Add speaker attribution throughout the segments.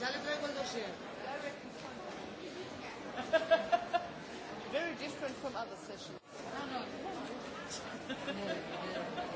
Speaker 1: Ya le traigo el dossier.
Speaker 2: Very different from other sessions. No, no.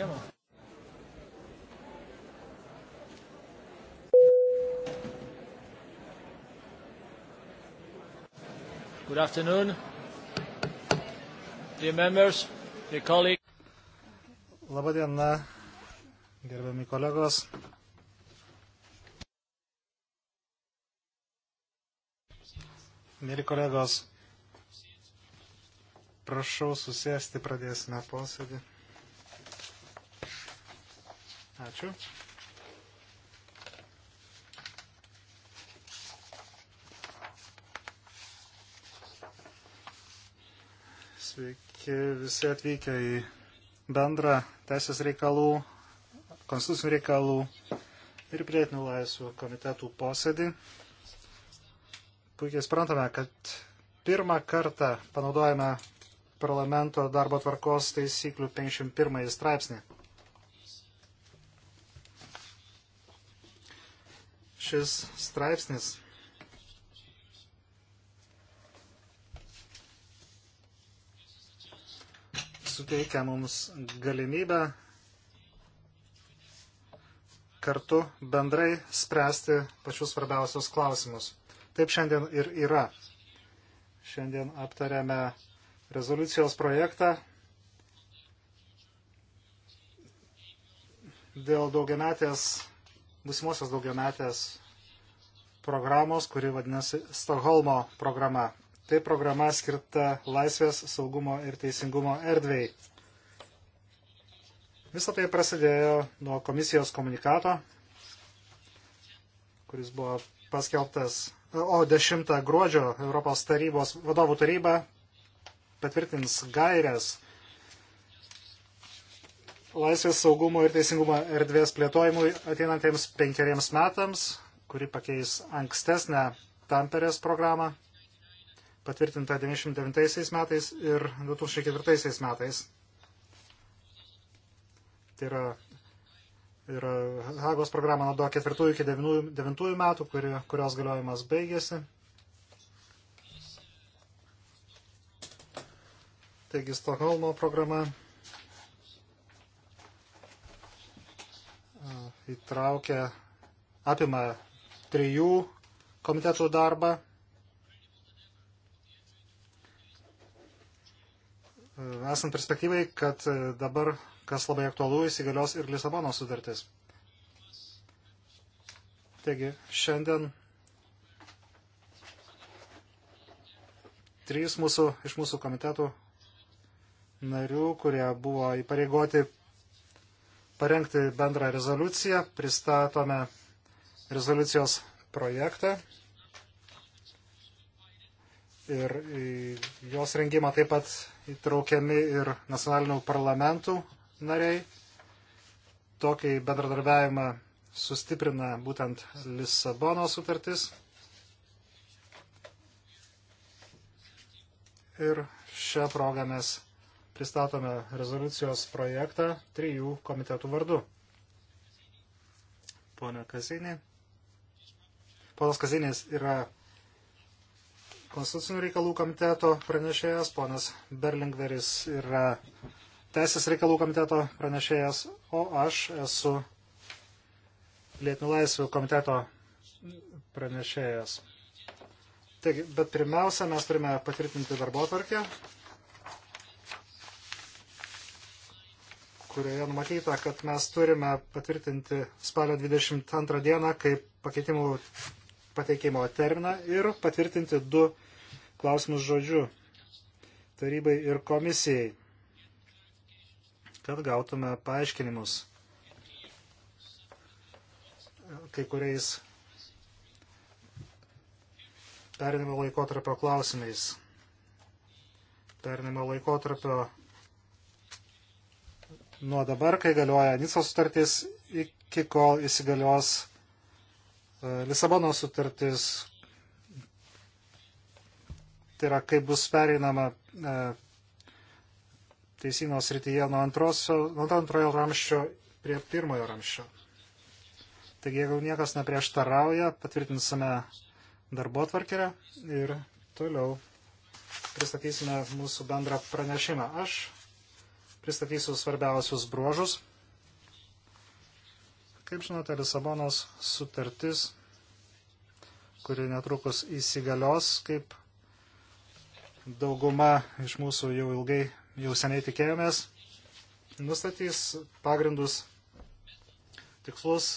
Speaker 3: andiamo.
Speaker 1: Good afternoon. Dear members, dear colleagues.
Speaker 3: Labadiena, gerbiami kolegos. Mėly kolegos, prašau susėsti, pradėsime posėdį. Ačiū. Sveiki visi atvykę į bendrą teisės reikalų, konstitucinių reikalų ir prietinių laisvų komitetų posėdį. Puikiai suprantame, kad pirmą kartą panaudojame parlamento darbo tvarkos taisyklių 51 straipsnį. šis straipsnis suteikia mums galimybę kartu bendrai spręsti pačius svarbiausius klausimus. Taip šiandien ir yra. Šiandien aptarėme rezoliucijos projektą dėl daugiametės būsimosios daugiametės programos, kuri vadinasi Stokholmo programa. Tai programa skirta laisvės, saugumo ir teisingumo erdvėjai. Visą tai prasidėjo nuo komisijos komunikato, kuris buvo paskelbtas, o 10 gruodžio Europos tarybos vadovų taryba patvirtins gairias laisvės saugumo ir teisingumo erdvės plėtojimui ateinantiems penkeriems metams, kuri pakeis ankstesnę Tamperės programą, patvirtintą 1999 metais ir 2004 metais. Tai yra, yra Hagos programa nuo 4 iki 9, 9 metų, kuri, kurios galiojimas baigėsi. Taigi Stokholmo programa įtraukia, apima trijų komitetų darbą. Esant perspektyvai, kad dabar, kas labai aktualu, įsigalios ir Lisabono sutartis. Taigi, šiandien trys mūsų, iš mūsų komitetų narių, kurie buvo įpareigoti parengti bendrą rezoliuciją, pristatome rezoliucijos projektą ir jos rengimą taip pat įtraukiami ir nacionalinių parlamentų nariai. Tokį bendradarbiavimą sustiprina būtent Lisabono sutartis. Ir šią progą mes pristatome rezoliucijos projektą trijų komitetų vardu. Pone Kazinė. Ponas Kazinės yra Konstitucinių reikalų komiteto pranešėjas, ponas Berlingveris yra Teisės reikalų komiteto pranešėjas, o aš esu Lietinių laisvių komiteto pranešėjas. Taigi, bet pirmiausia, mes turime patvirtinti darbo tvarkę. kurioje numatyta, kad mes turime patvirtinti spalio 22 dieną kaip pakeitimų pateikimo terminą ir patvirtinti du klausimus žodžiu tarybai ir komisijai, kad gautume paaiškinimus kai kuriais perinimo laikotarpio klausimais. Perinimo laikotarpio nuo dabar, kai galioja Nicos sutartis, iki kol įsigalios e, Lisabono sutartis. Tai yra, kaip bus pereinama e, teisino srityje nuo, antrosio, nuo antrojo ramščio prie pirmojo ramščio. Taigi, jeigu niekas neprieštarauja, patvirtinsime darbo tvarkėrę ir toliau pristatysime mūsų bendrą pranešimą. Aš Pristatysiu svarbiausius bruožus. Kaip žinote, Lisabonos sutartis, kuri netrukus įsigalios, kaip dauguma iš mūsų jau ilgai, jau seniai tikėjomės, nustatys pagrindus, tikslus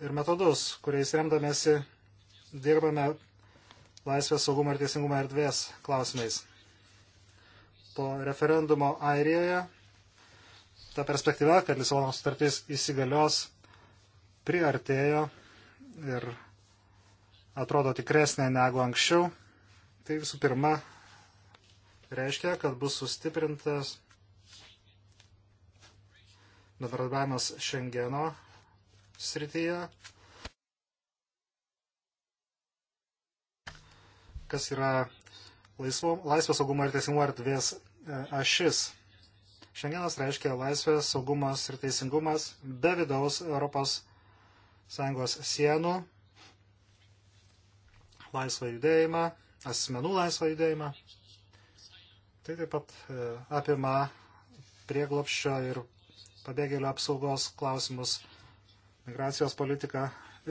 Speaker 3: ir metodus, kuriais remdamėsi dirbame laisvės saugumo ir teisingumo erdvės klausimais po referendumo Airijoje ta perspektyva, kad Lisabono sutartis įsigalios, priartėjo ir atrodo tikresnė negu anksčiau. Tai visų pirma reiškia, kad bus sustiprintas bendradarbiavimas Šengeno srityje, kas yra laisvo, laisvės saugumo ir teisingumo erdvės E, ašis. Šengenas reiškia laisvės, saugumas ir teisingumas be vidaus Europos Sąjungos sienų, laisvą judėjimą, asmenų laisvą judėjimą. Tai taip pat e, apima prieglopščio ir pabėgėlių apsaugos klausimus, migracijos politiką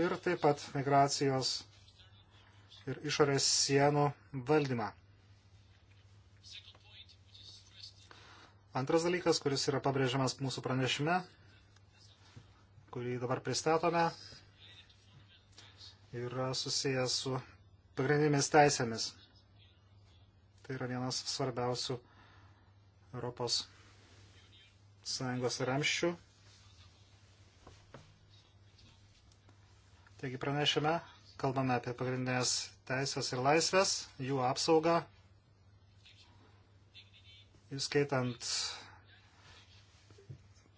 Speaker 3: ir taip pat migracijos ir išorės sienų valdymą. Antras dalykas, kuris yra pabrėžiamas mūsų pranešime, kurį dabar pristatome, yra susijęs su pagrindinėmis teisėmis. Tai yra vienas svarbiausių Europos Sąjungos ramščių. Taigi pranešime kalbame apie pagrindinės teisės ir laisvės, jų apsaugą įskaitant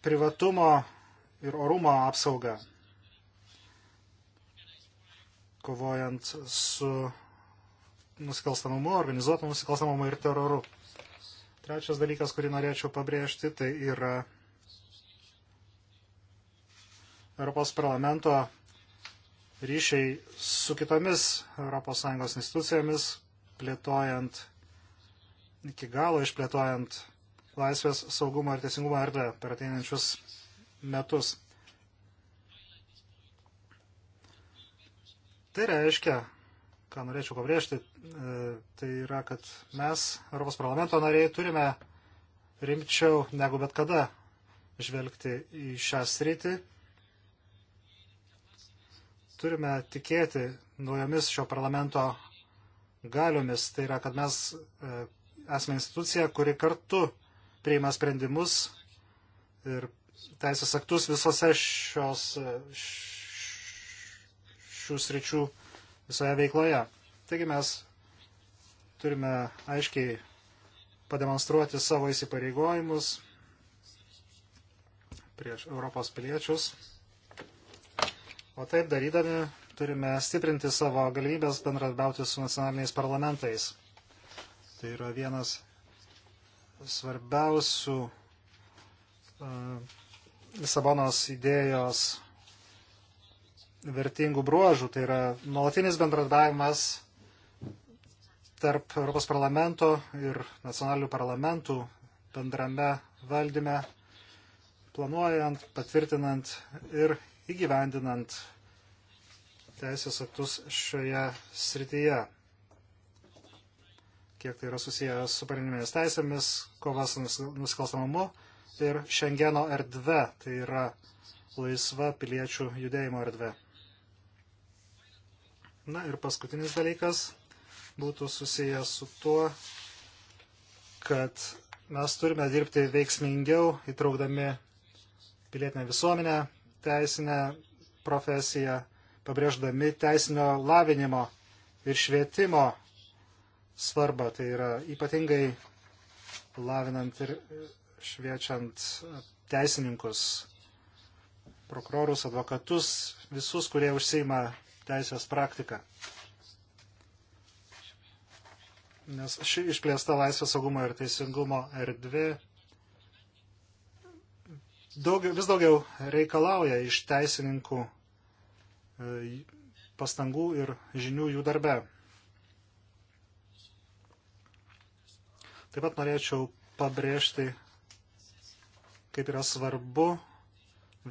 Speaker 3: privatumo ir orumo apsaugą, kovojant su nusikalstamumu, organizuotu nusikalstamumu ir teroru. Trečias dalykas, kurį norėčiau pabrėžti, tai yra Europos parlamento ryšiai su kitomis ES institucijomis, plėtojant iki galo išplėtojant laisvės saugumo ir teisingumo erdvę per ateinančius metus. Tai reiškia, ką norėčiau pabrėžti, e, tai yra, kad mes, Europos parlamento nariai, turime rimčiau negu bet kada žvelgti į šią sritį. Turime tikėti naujomis šio parlamento galiomis, tai yra, kad mes e, esame institucija, kuri kartu priima sprendimus ir teisės aktus visose šios šių sričių visoje veikloje. Taigi mes turime aiškiai pademonstruoti savo įsipareigojimus prieš Europos piliečius. O taip darydami turime stiprinti savo galimybės bendradarbiauti su nacionaliniais parlamentais. Tai yra vienas svarbiausių e, Lisabonos idėjos vertingų bruožų. Tai yra nuolatinis bendradavimas tarp Europos parlamento ir nacionalinių parlamentų bendrame valdyme, planuojant, patvirtinant ir įgyvendinant teisės aktus šioje srityje kiek tai yra susiję su pareninėmis teisėmis, kova su nusikalstamumu ir Šengeno erdve, tai yra laisva piliečių judėjimo erdve. Na ir paskutinis dalykas būtų susijęs su tuo, kad mes turime dirbti veiksmingiau, įtraukdami pilietinę visuomenę, teisinę profesiją, pabrėždami teisinio lavinimo ir švietimo svarbą. Tai yra ypatingai lavinant ir šviečiant teisininkus, prokurorus, advokatus, visus, kurie užseima teisės praktiką. Nes ši išplėsta laisvės saugumo ir teisingumo erdvė daug, vis daugiau reikalauja iš teisininkų e, pastangų ir žinių jų darbe. Taip pat norėčiau pabrėžti, kaip yra svarbu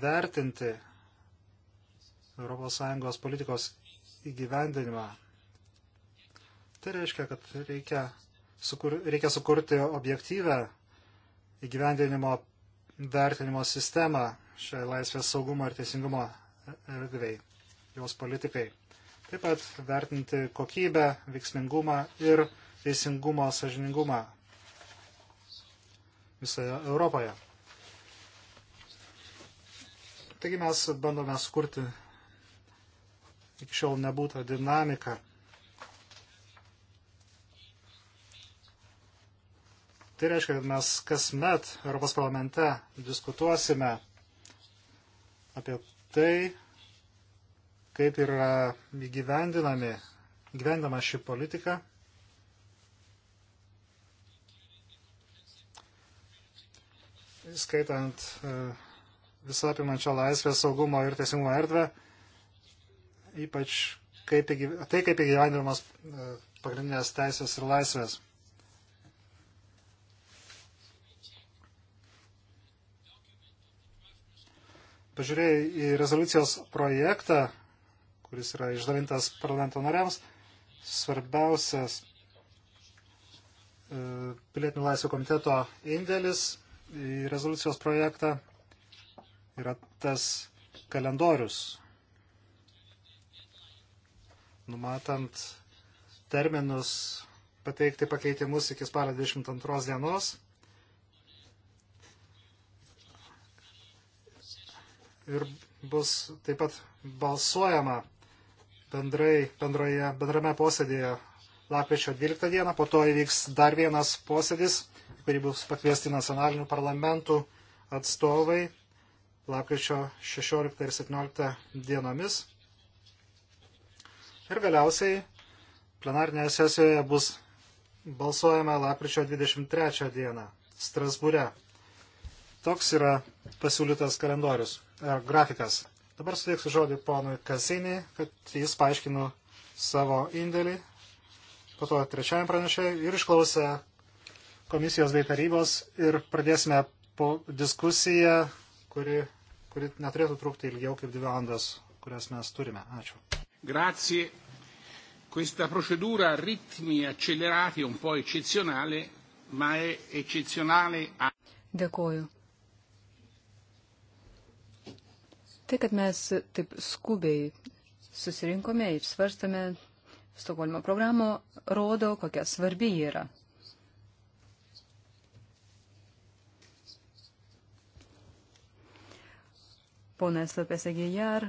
Speaker 3: vertinti ES politikos įgyvendinimą. Tai reiškia, kad reikia, sukur, reikia sukurti objektyvę įgyvendinimo vertinimo sistemą šiai laisvės saugumo ir teisingumo erdvėjai, jos politikai. Taip pat vertinti kokybę, veiksmingumą ir teisingumo sažiningumą visoje Europoje. Taigi mes bandome skurti iki šiol nebūtą dinamiką. Tai reiškia, kad mes kasmet Europos parlamente diskutuosime apie tai, kaip yra įgyvendinami, gyvendama ši politika skaitant e, visą apimančią laisvę, saugumo ir teisingumo erdvę, ypač kaip, tai, kaip įgyvendinamas e, pagrindinės teisės ir laisvės. Pažiūrėjai į rezoliucijos projektą, kuris yra išdalintas parlamento nariams, svarbiausias e, pilietinių laisvių komiteto indėlis į rezoliucijos projektą yra tas kalendorius, numatant terminus pateikti pakeitimus iki spalio 22 dienos. Ir bus taip pat balsuojama bendrai, bendroje, bendrame posėdėje lapkričio 12 dieną, po to įvyks dar vienas posėdis, kurį bus pakviesti nacionalinių parlamentų atstovai lapkričio 16 ir 17 dienomis. Ir galiausiai plenarnėje sesijoje bus balsuojama lapkričio 23 dieną Strasbūre. Toks yra pasiūlytas kalendorius, er, grafikas. Dabar suteiksiu žodį ponui Kasinį, kad jis paaiškino savo indėlį po to trečiajam pranešė ir išklausė komisijos bei tarybos ir pradėsime po diskusiją, kuri, kuri neturėtų trukti ilgiau kaip dvi valandas, kurias mes turime. Ačiū.
Speaker 2: Grazie. Questa procedura a ritmi accelerati è un po' eccezionale, ma è eccezionale a...
Speaker 1: Dėkoju. Tai, kad mes taip skubiai susirinkome ir svarstame Stokholmo programo rodo, kokia svarbi ji yra. Ponas Lopes Agijar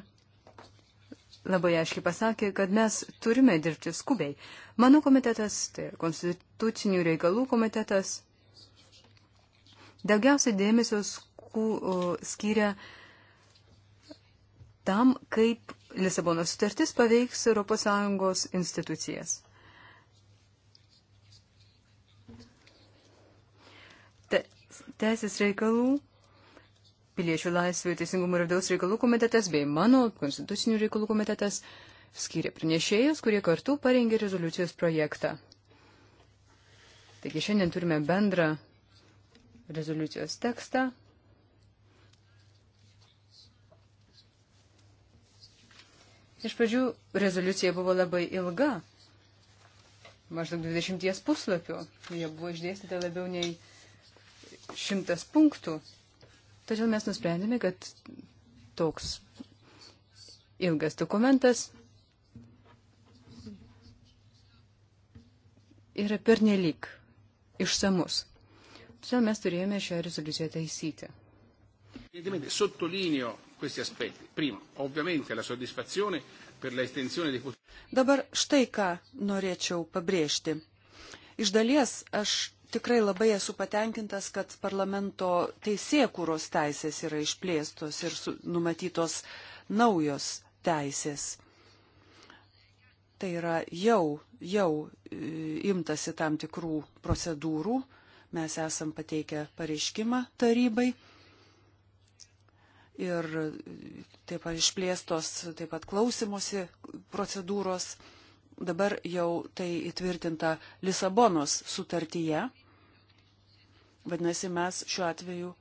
Speaker 1: labai aiškiai pasakė, kad mes turime dirbti skubiai. Mano komitetas, tai konstitucinių reikalų komitetas, daugiausiai dėmesio sku, o, skiria tam, kaip Lisabonos sutartis paveiks ES institucijas. Te, teisės reikalų, piliečių laisvių, teisingumo ir vidaus reikalų komitetas bei mano konstitucinių reikalų komitetas skiria pranešėjus, kurie kartu parengė rezoliucijos projektą. Taigi šiandien turime bendrą rezoliucijos tekstą, Iš pradžių rezoliucija buvo labai ilga, maždaug 20 puslapių, jie buvo išdėstyta labiau nei 100 punktų. Tačiau mes nusprendėme, kad toks ilgas dokumentas yra pernelyg išsamus. Todėl mes turėjome šią rezoliuciją taisyti.
Speaker 2: Sottolineio questi aspetti. Primo, ovviamente la soddisfazione per la estensione dei Dabar štai ką norėčiau pabrėžti. Iš dalies aš tikrai labai esu patenkintas, kad parlamento teisėkūros teisės yra išplėstos ir numatytos naujos teisės. Tai yra jau, jau e, imtasi tam tikrų procedūrų, mes esam pateikę pareiškimą tarybai ir taip pat išplėstos taip pat klausimusi procedūros. Dabar jau tai įtvirtinta Lisabonos sutartyje. Vadinasi, mes šiuo atveju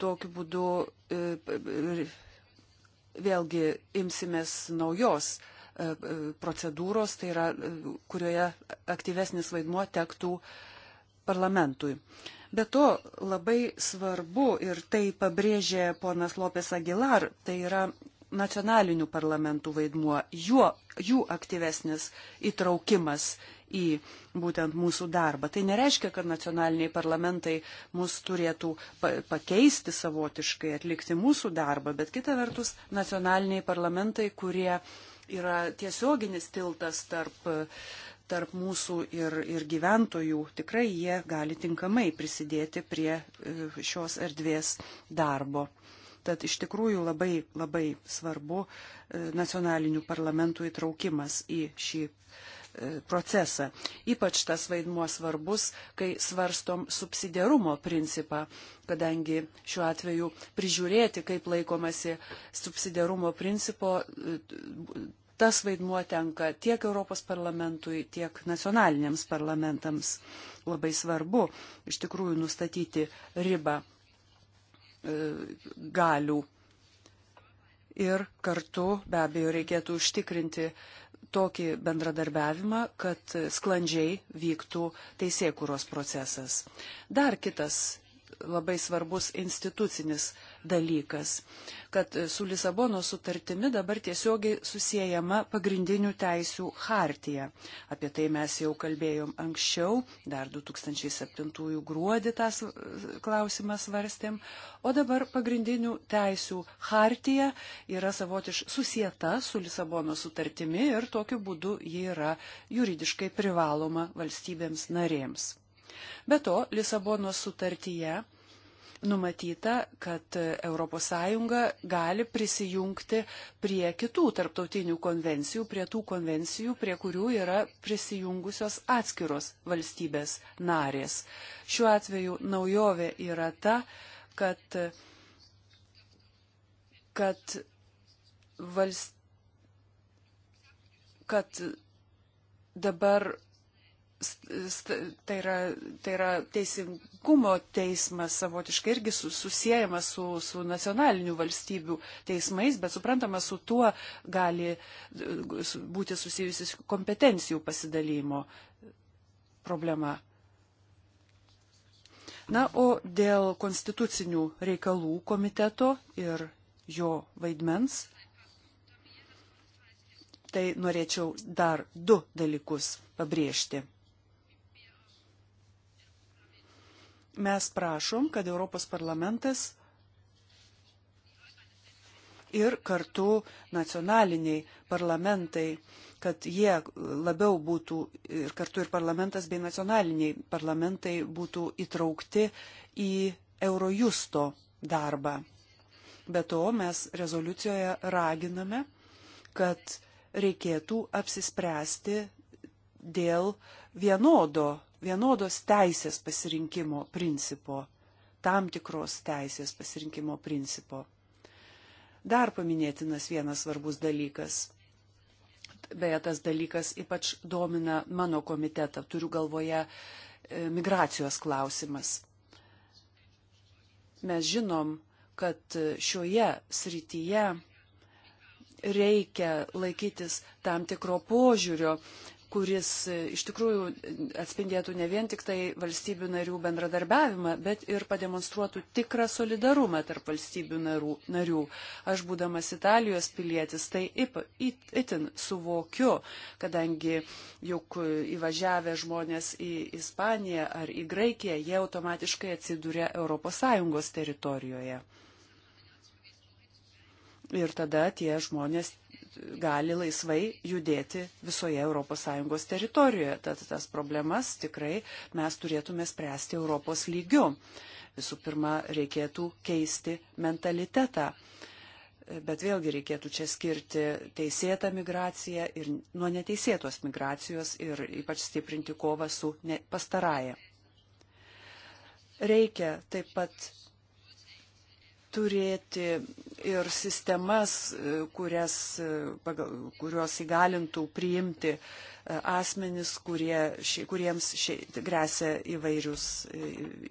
Speaker 2: tokiu būdu e, e, vėlgi imsimės naujos e, procedūros, tai yra, kurioje aktyvesnis vaidmuo tektų parlamentui. Be to labai svarbu ir tai pabrėžė ponas Lopės Agilar, tai yra nacionalinių parlamentų vaidmuo, juo, jų aktyvesnis įtraukimas į būtent mūsų darbą. Tai nereiškia, kad nacionaliniai parlamentai mus turėtų pakeisti savotiškai, atlikti mūsų darbą, bet kita vertus nacionaliniai parlamentai, kurie yra tiesioginis tiltas tarp uh, tarp mūsų ir, ir gyventojų, tikrai jie gali tinkamai prisidėti prie e, šios erdvės darbo. Tad iš tikrųjų labai, labai svarbu e, nacionalinių parlamentų įtraukimas į šį e, procesą. Ypač tas vaidmuo svarbus, kai svarstom subsidiarumo principą, kadangi šiuo atveju prižiūrėti, kaip laikomasi subsidiarumo principo, tas vaidmuo tenka tiek Europos parlamentui, tiek nacionaliniams parlamentams. Labai svarbu iš tikrųjų nustatyti ribą e, galių. Ir kartu be abejo reikėtų užtikrinti tokį bendradarbiavimą, kad sklandžiai vyktų teisėkuros procesas. Dar kitas labai svarbus institucinis dalykas, kad su Lisabono sutartimi dabar tiesiogiai susijęjama pagrindinių teisių hartija. Apie tai mes jau kalbėjom anksčiau, dar 2007 gruodį tas klausimas svarstėm, o dabar pagrindinių teisių hartija yra savotiš susieta su Lisabono sutartimi ir tokiu būdu ji yra juridiškai privaloma valstybėms narėms. Be to, Lisabono sutartyje numatyta, kad ES gali prisijungti prie kitų tarptautinių konvencijų, prie tų konvencijų, prie kurių yra prisijungusios atskiros valstybės narės. Šiuo atveju naujovė yra ta, kad, kad, valst, kad dabar tai yra, tai yra teisingumo teismas savotiškai irgi susijęjamas su, su nacionaliniu valstybių teismais, bet suprantama, su tuo gali būti susijusis kompetencijų pasidalymo problema. Na, o dėl konstitucinių reikalų komiteto ir jo vaidmens, tai norėčiau dar du dalykus pabrėžti. mes prašom, kad Europos parlamentas ir kartu nacionaliniai parlamentai, kad jie labiau būtų ir kartu ir parlamentas bei nacionaliniai parlamentai būtų įtraukti į Eurojusto darbą. Be to mes rezoliucijoje raginame, kad reikėtų apsispręsti dėl vienodo vienodos teisės pasirinkimo principo, tam tikros teisės pasirinkimo principo. Dar paminėtinas vienas svarbus dalykas. Beje, tas dalykas ypač domina mano komitetą, turiu galvoje e, migracijos klausimas. Mes žinom, kad šioje srityje reikia laikytis tam tikro požiūrio, kuris e, iš tikrųjų atspindėtų ne vien tik tai valstybių narių bendradarbiavimą, bet ir pademonstruotų tikrą solidarumą tarp valstybių narų. narių. Aš būdamas Italijos pilietis, tai itin suvokiu, kadangi juk įvažiavę žmonės į Ispaniją ar į Graikiją, jie automatiškai atsiduria ES teritorijoje. Ir tada tie žmonės gali laisvai judėti visoje ES teritorijoje. Tad tas problemas tikrai mes turėtume spręsti Europos lygiu. Visų pirma, reikėtų keisti mentalitetą. Bet vėlgi reikėtų čia skirti teisėtą migraciją ir nuo neteisėtos migracijos ir ypač stiprinti kovą su pastarąją. Reikia taip pat turėti ir sistemas, e, kurias, e, pagal, kurios įgalintų priimti e, asmenis, kurie, ši, kuriems ši, grėsia įvairius,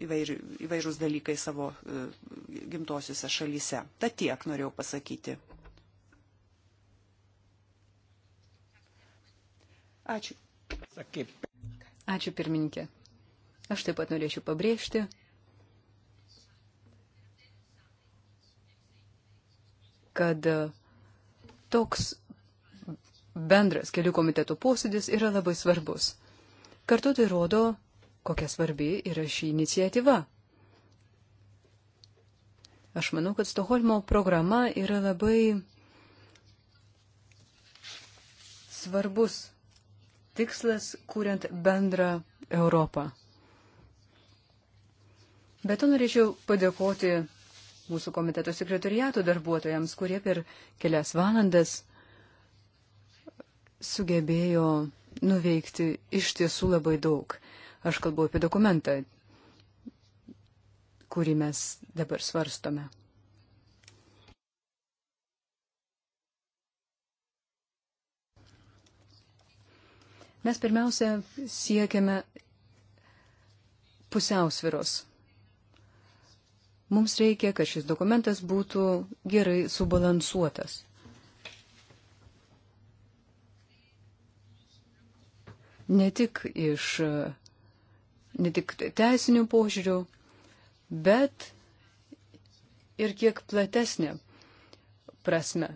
Speaker 2: įvairi, įvairius dalykai savo gimtosiuose šalyse. Ta tiek norėjau pasakyti. Ačiū.
Speaker 1: Ačiū pirmininkė. Aš taip pat norėčiau pabrėžti, kad e, toks bendras kelių komitetų posėdis yra labai svarbus. Kartu tai rodo, kokia svarbi yra ši iniciatyva. Aš manau, kad Stoholmo programa yra labai svarbus tikslas, kuriant bendrą Europą. Bet to norėčiau padėkoti mūsų komiteto sekretariato darbuotojams, kurie per kelias valandas sugebėjo nuveikti iš tiesų labai daug. Aš kalbu apie dokumentą, kurį mes dabar svarstome. Mes pirmiausia siekiame pusiausviros Mums reikia, kad šis dokumentas būtų gerai subalansuotas. Ne tik iš, ne tik teisinių požiūrių, bet ir kiek platesnė prasme.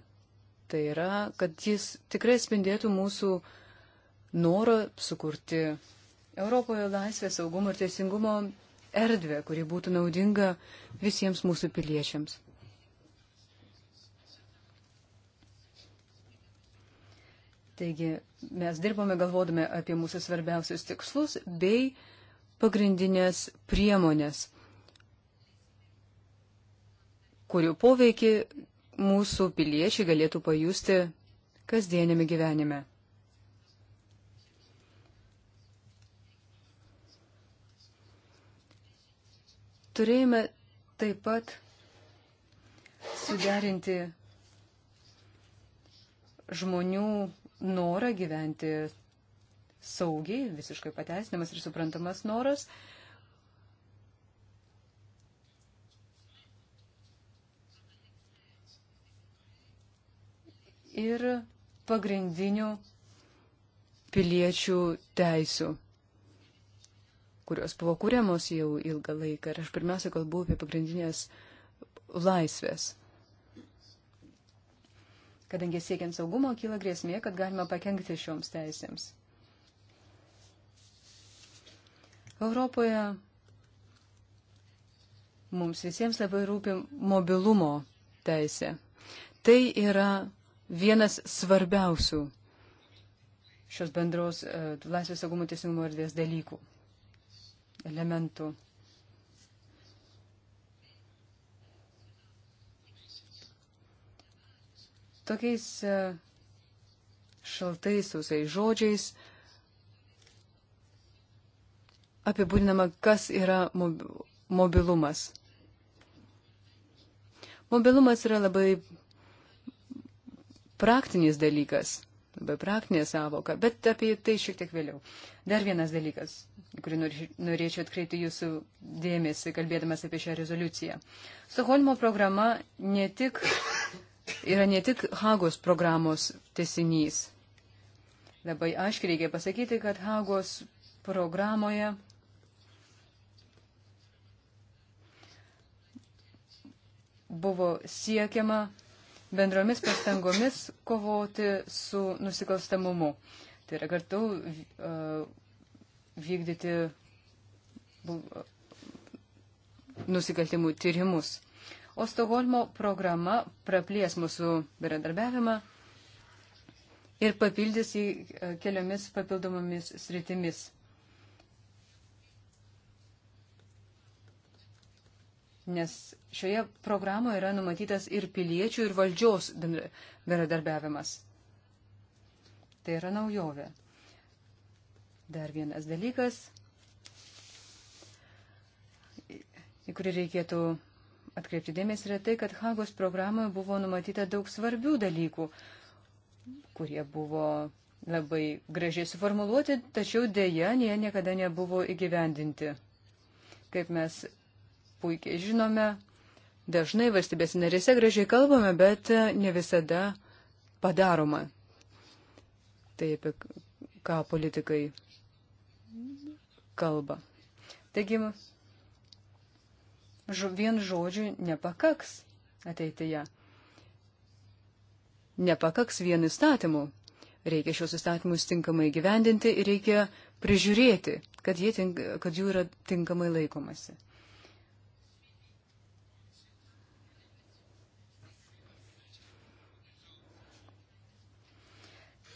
Speaker 1: Tai yra, kad jis tikrai spindėtų mūsų norą sukurti Europoje laisvę, saugumo ir teisingumo erdvę, kuri būtų naudinga visiems mūsų piliečiams. Taigi mes dirbame galvodami apie mūsų svarbiausius tikslus bei pagrindinės priemonės, kurių poveikį mūsų piliečiai galėtų pajusti kasdienėme gyvenime. Turėjome taip pat suderinti žmonių norą gyventi saugiai, visiškai pateisinamas ir suprantamas noras. Ir pagrindinių piliečių teisų kurios buvo kūriamos jau ilgą laiką. Ir aš pirmiausia kalbu apie pagrindinės laisvės. Kadangi siekiant saugumo kyla grėsmė, kad galima pakengti šioms teisėms. Europoje mums visiems labai rūpi mobilumo teisė. Tai yra vienas svarbiausių šios bendros uh, laisvės saugumo teisingumo erdvės dalykų elementų. Tokiais e, šaltais, sausais žodžiais apibūdinama, kas yra mobilumas. Mobilumas yra labai praktinis dalykas labai praktinė savoka, bet apie tai šiek tiek vėliau. Dar vienas dalykas, kurį norėčiau atkreipti jūsų dėmesį, kalbėdamas apie šią rezoliuciją. Stokholmo programa ne tik, yra ne tik Hagos programos tesinys. Labai aiškiai reikia pasakyti, kad Hagos programoje buvo siekiama bendromis pastangomis kovoti su nusikalstamumu. Tai yra kartu e, vykdyti e, nusikaltimų tyrimus. O Stokholmo programa praplės mūsų bendradarbiavimą ir papildys jį e, keliomis papildomomis sritimis. nes šioje programoje yra numatytas ir piliečių, ir valdžios bendradarbiavimas. Tai yra naujovė. Dar vienas dalykas, į kurį reikėtų atkreipti dėmesį, yra tai, kad Hagos programoje buvo numatyta daug svarbių dalykų, kurie buvo labai gražiai suformuluoti, tačiau dėja jie niekada nebuvo įgyvendinti. Kaip mes puikiai žinome. Dažnai valstybės narėse gražiai kalbame, bet e, ne visada padaroma. Tai apie ką politikai kalba. Taigi, vien žodžių nepakaks ateityje. Nepakaks vien įstatymų. Reikia šios įstatymus tinkamai gyvendinti ir reikia prižiūrėti, kad, tink, kad jų yra tinkamai laikomasi.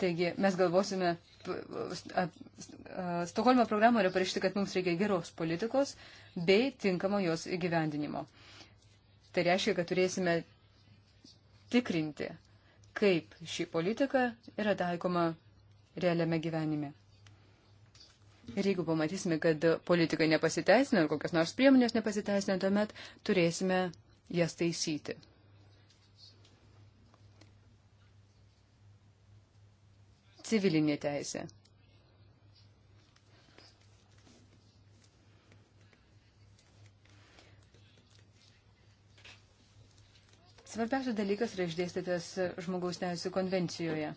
Speaker 1: Taigi mes galvosime, Stokholmo programoje yra parašyta, kad mums reikia geros politikos bei tinkamo jos įgyvendinimo. Tai reiškia, kad turėsime tikrinti, kaip ši politika yra taikoma realiame gyvenime. Ir jeigu pamatysime, kad politikai nepasiteisina ar kokias nors priemonės nepasiteisina, tuomet turėsime jas taisyti. civilinė teisė. Svarbiausias dalykas yra išdėstytas žmogaus teisų konvencijoje.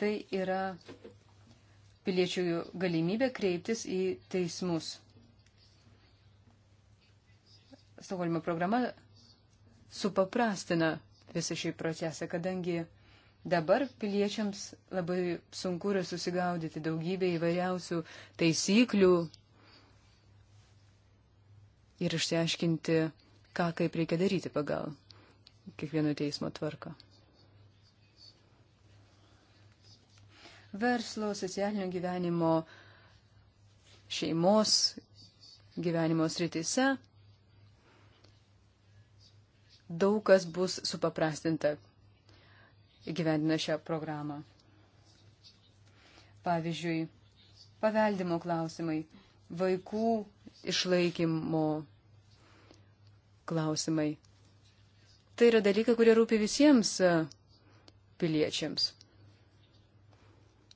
Speaker 1: Tai yra piliečių galimybė kreiptis į teismus. Stokholmo programa supaprastina visą šį procesą, kadangi Dabar piliečiams labai sunku yra susigaudyti daugybę įvairiausių taisyklių ir išsiaiškinti, ką kaip reikia daryti pagal kiekvieno teismo tvarką. Verslo, socialinio gyvenimo, šeimos gyvenimo sritise daug kas bus supaprastinta įgyvendino šią programą. Pavyzdžiui, paveldimo klausimai, vaikų išlaikymo klausimai. Tai yra dalykai, kurie rūpi visiems e, piliečiams.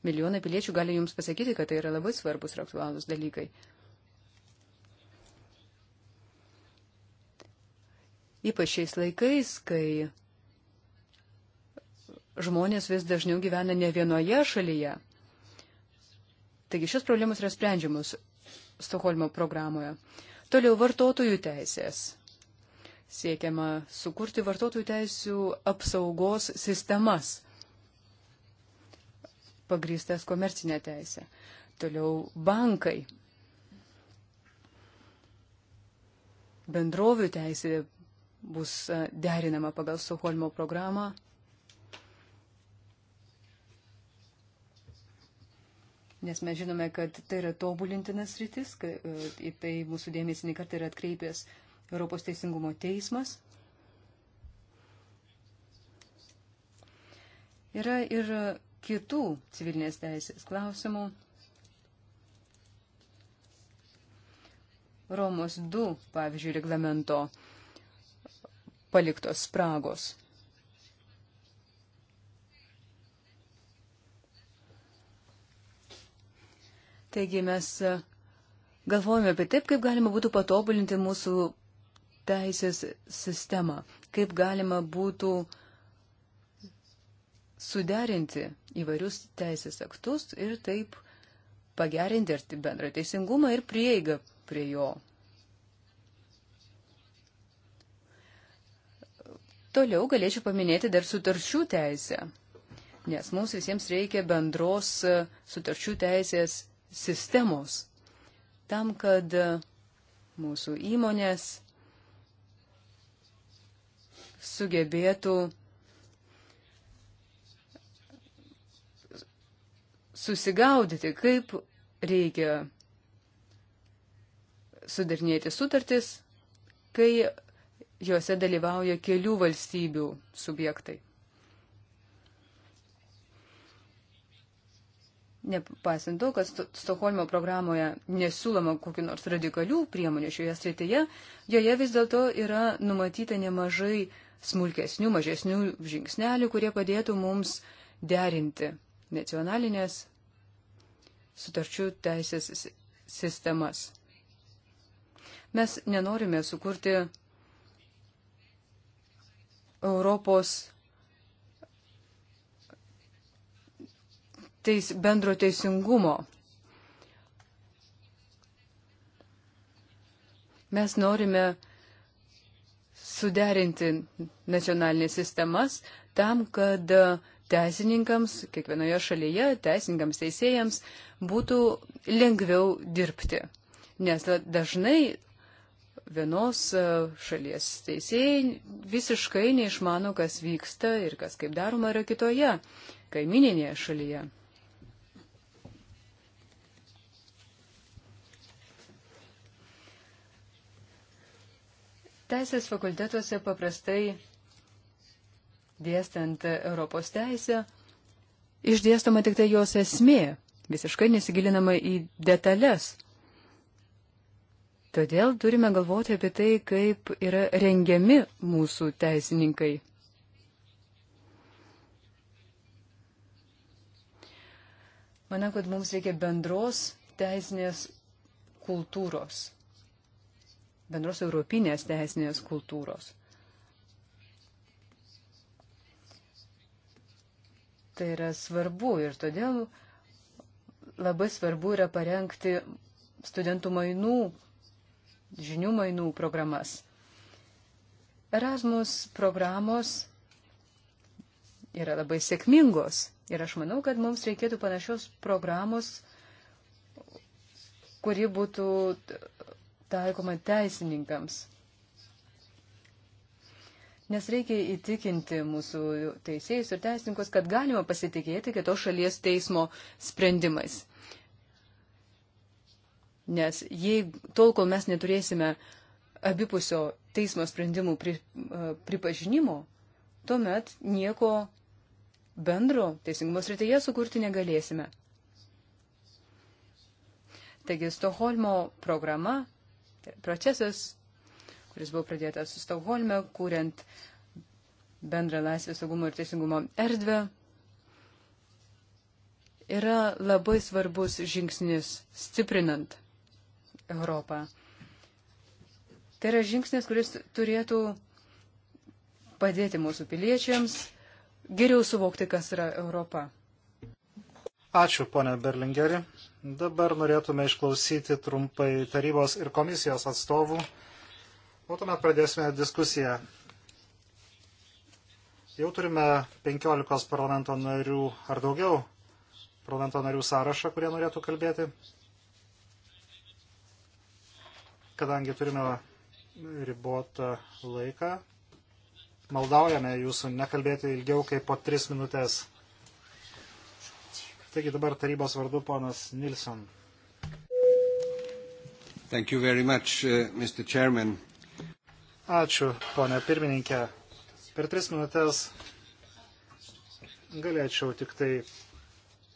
Speaker 1: Milijonai piliečių gali jums pasakyti, kad tai yra labai svarbus ir aktualūs dalykai. Ypač šiais laikais, kai žmonės vis dažniau gyvena ne vienoje šalyje. Taigi šios problemos yra sprendžiamus Stokholmo programoje. Toliau vartotojų teisės. Siekiama sukurti vartotojų teisų apsaugos sistemas, pagrįstas komercinė teisė. Toliau bankai. Bendrovių teisė bus derinama pagal Stokholmo programą. nes mes žinome, kad tai yra tobulintinas rytis, e, į tai mūsų dėmesį nekart yra atkreipęs Europos teisingumo teismas. Yra ir kitų civilinės teisės klausimų. Romos 2, pavyzdžiui, reglamento paliktos spragos. Taigi mes e, galvojame apie taip, kaip galima būtų patobulinti mūsų teisės sistemą, kaip galima būtų suderinti įvairius teisės aktus ir taip pagerinti ir bendrą teisingumą ir prieigą prie jo. Toliau galėčiau paminėti dar sutarčių teisę, nes mums visiems reikia bendros e, sutarčių teisės sistemos tam, kad mūsų įmonės sugebėtų susigaudyti, kaip reikia sudarnėti sutartis, kai juose dalyvauja kelių valstybių subjektai. Nepaisant to, kad Stokholmo programoje nesiūloma kokiu nors radikalių priemonių šioje srityje, joje vis dėlto yra numatyta nemažai smulkesnių, mažesnių žingsnelių, kurie padėtų mums derinti nacionalinės sutarčių teisės sistemas. Mes nenorime sukurti Europos teis, bendro teisingumo. Mes norime suderinti nacionalinės sistemas tam, kad teisininkams, kiekvienoje šalyje, teisininkams, teisėjams būtų lengviau dirbti. Nes dažnai vienos e, šalies teisėjai visiškai neišmano, kas vyksta ir kas kaip daroma yra kitoje kaimininėje šalyje. Teisės fakultetuose paprastai dėstant Europos teisę išdėstoma tik tai jos esmė, visiškai nesigilinama į detalės. Todėl turime galvoti apie tai, kaip yra rengiami mūsų teisininkai. Manau, kad mums reikia bendros teisinės kultūros bendros europinės teisinės kultūros. Tai yra svarbu ir todėl labai svarbu yra parengti studentų mainų, žinių mainų programas. Erasmus programos yra labai sėkmingos ir aš manau, kad mums reikėtų panašios programos, kuri būtų taikoma teisininkams. Nes reikia įtikinti mūsų teisėjus ir teisininkus, kad galima pasitikėti kitos šalies teismo sprendimais. Nes jei, tol, kol mes neturėsime abipusio teismo sprendimų pri, pripažinimo, tuomet nieko bendro teisingumo srityje sukurti negalėsime. Taigi Stoholmo programa Tai procesas, kuris buvo pradėtas Stokholme, kuriant bendrą laisvės saugumo ir teisingumo erdvę, yra labai svarbus žingsnis stiprinant Europą. Tai yra žingsnis, kuris turėtų padėti mūsų piliečiams geriau suvokti, kas yra Europa.
Speaker 3: Ačiū, ponė Berlingeri. Dabar norėtume išklausyti trumpai tarybos ir komisijos atstovų, o tuomet pradėsime diskusiją. Jau turime 15 parlamento narių ar daugiau parlamento narių sąrašą, kurie norėtų kalbėti. Kadangi turime ribotą laiką, maldaujame jūsų nekalbėti ilgiau kaip po 3 minutės. Taigi dabar tarybos vardu ponas Nilsson. Thank you very much, uh, Mr. Chairman. Ačiū, ponė pirmininkė. Per tris minutės galėčiau tik tai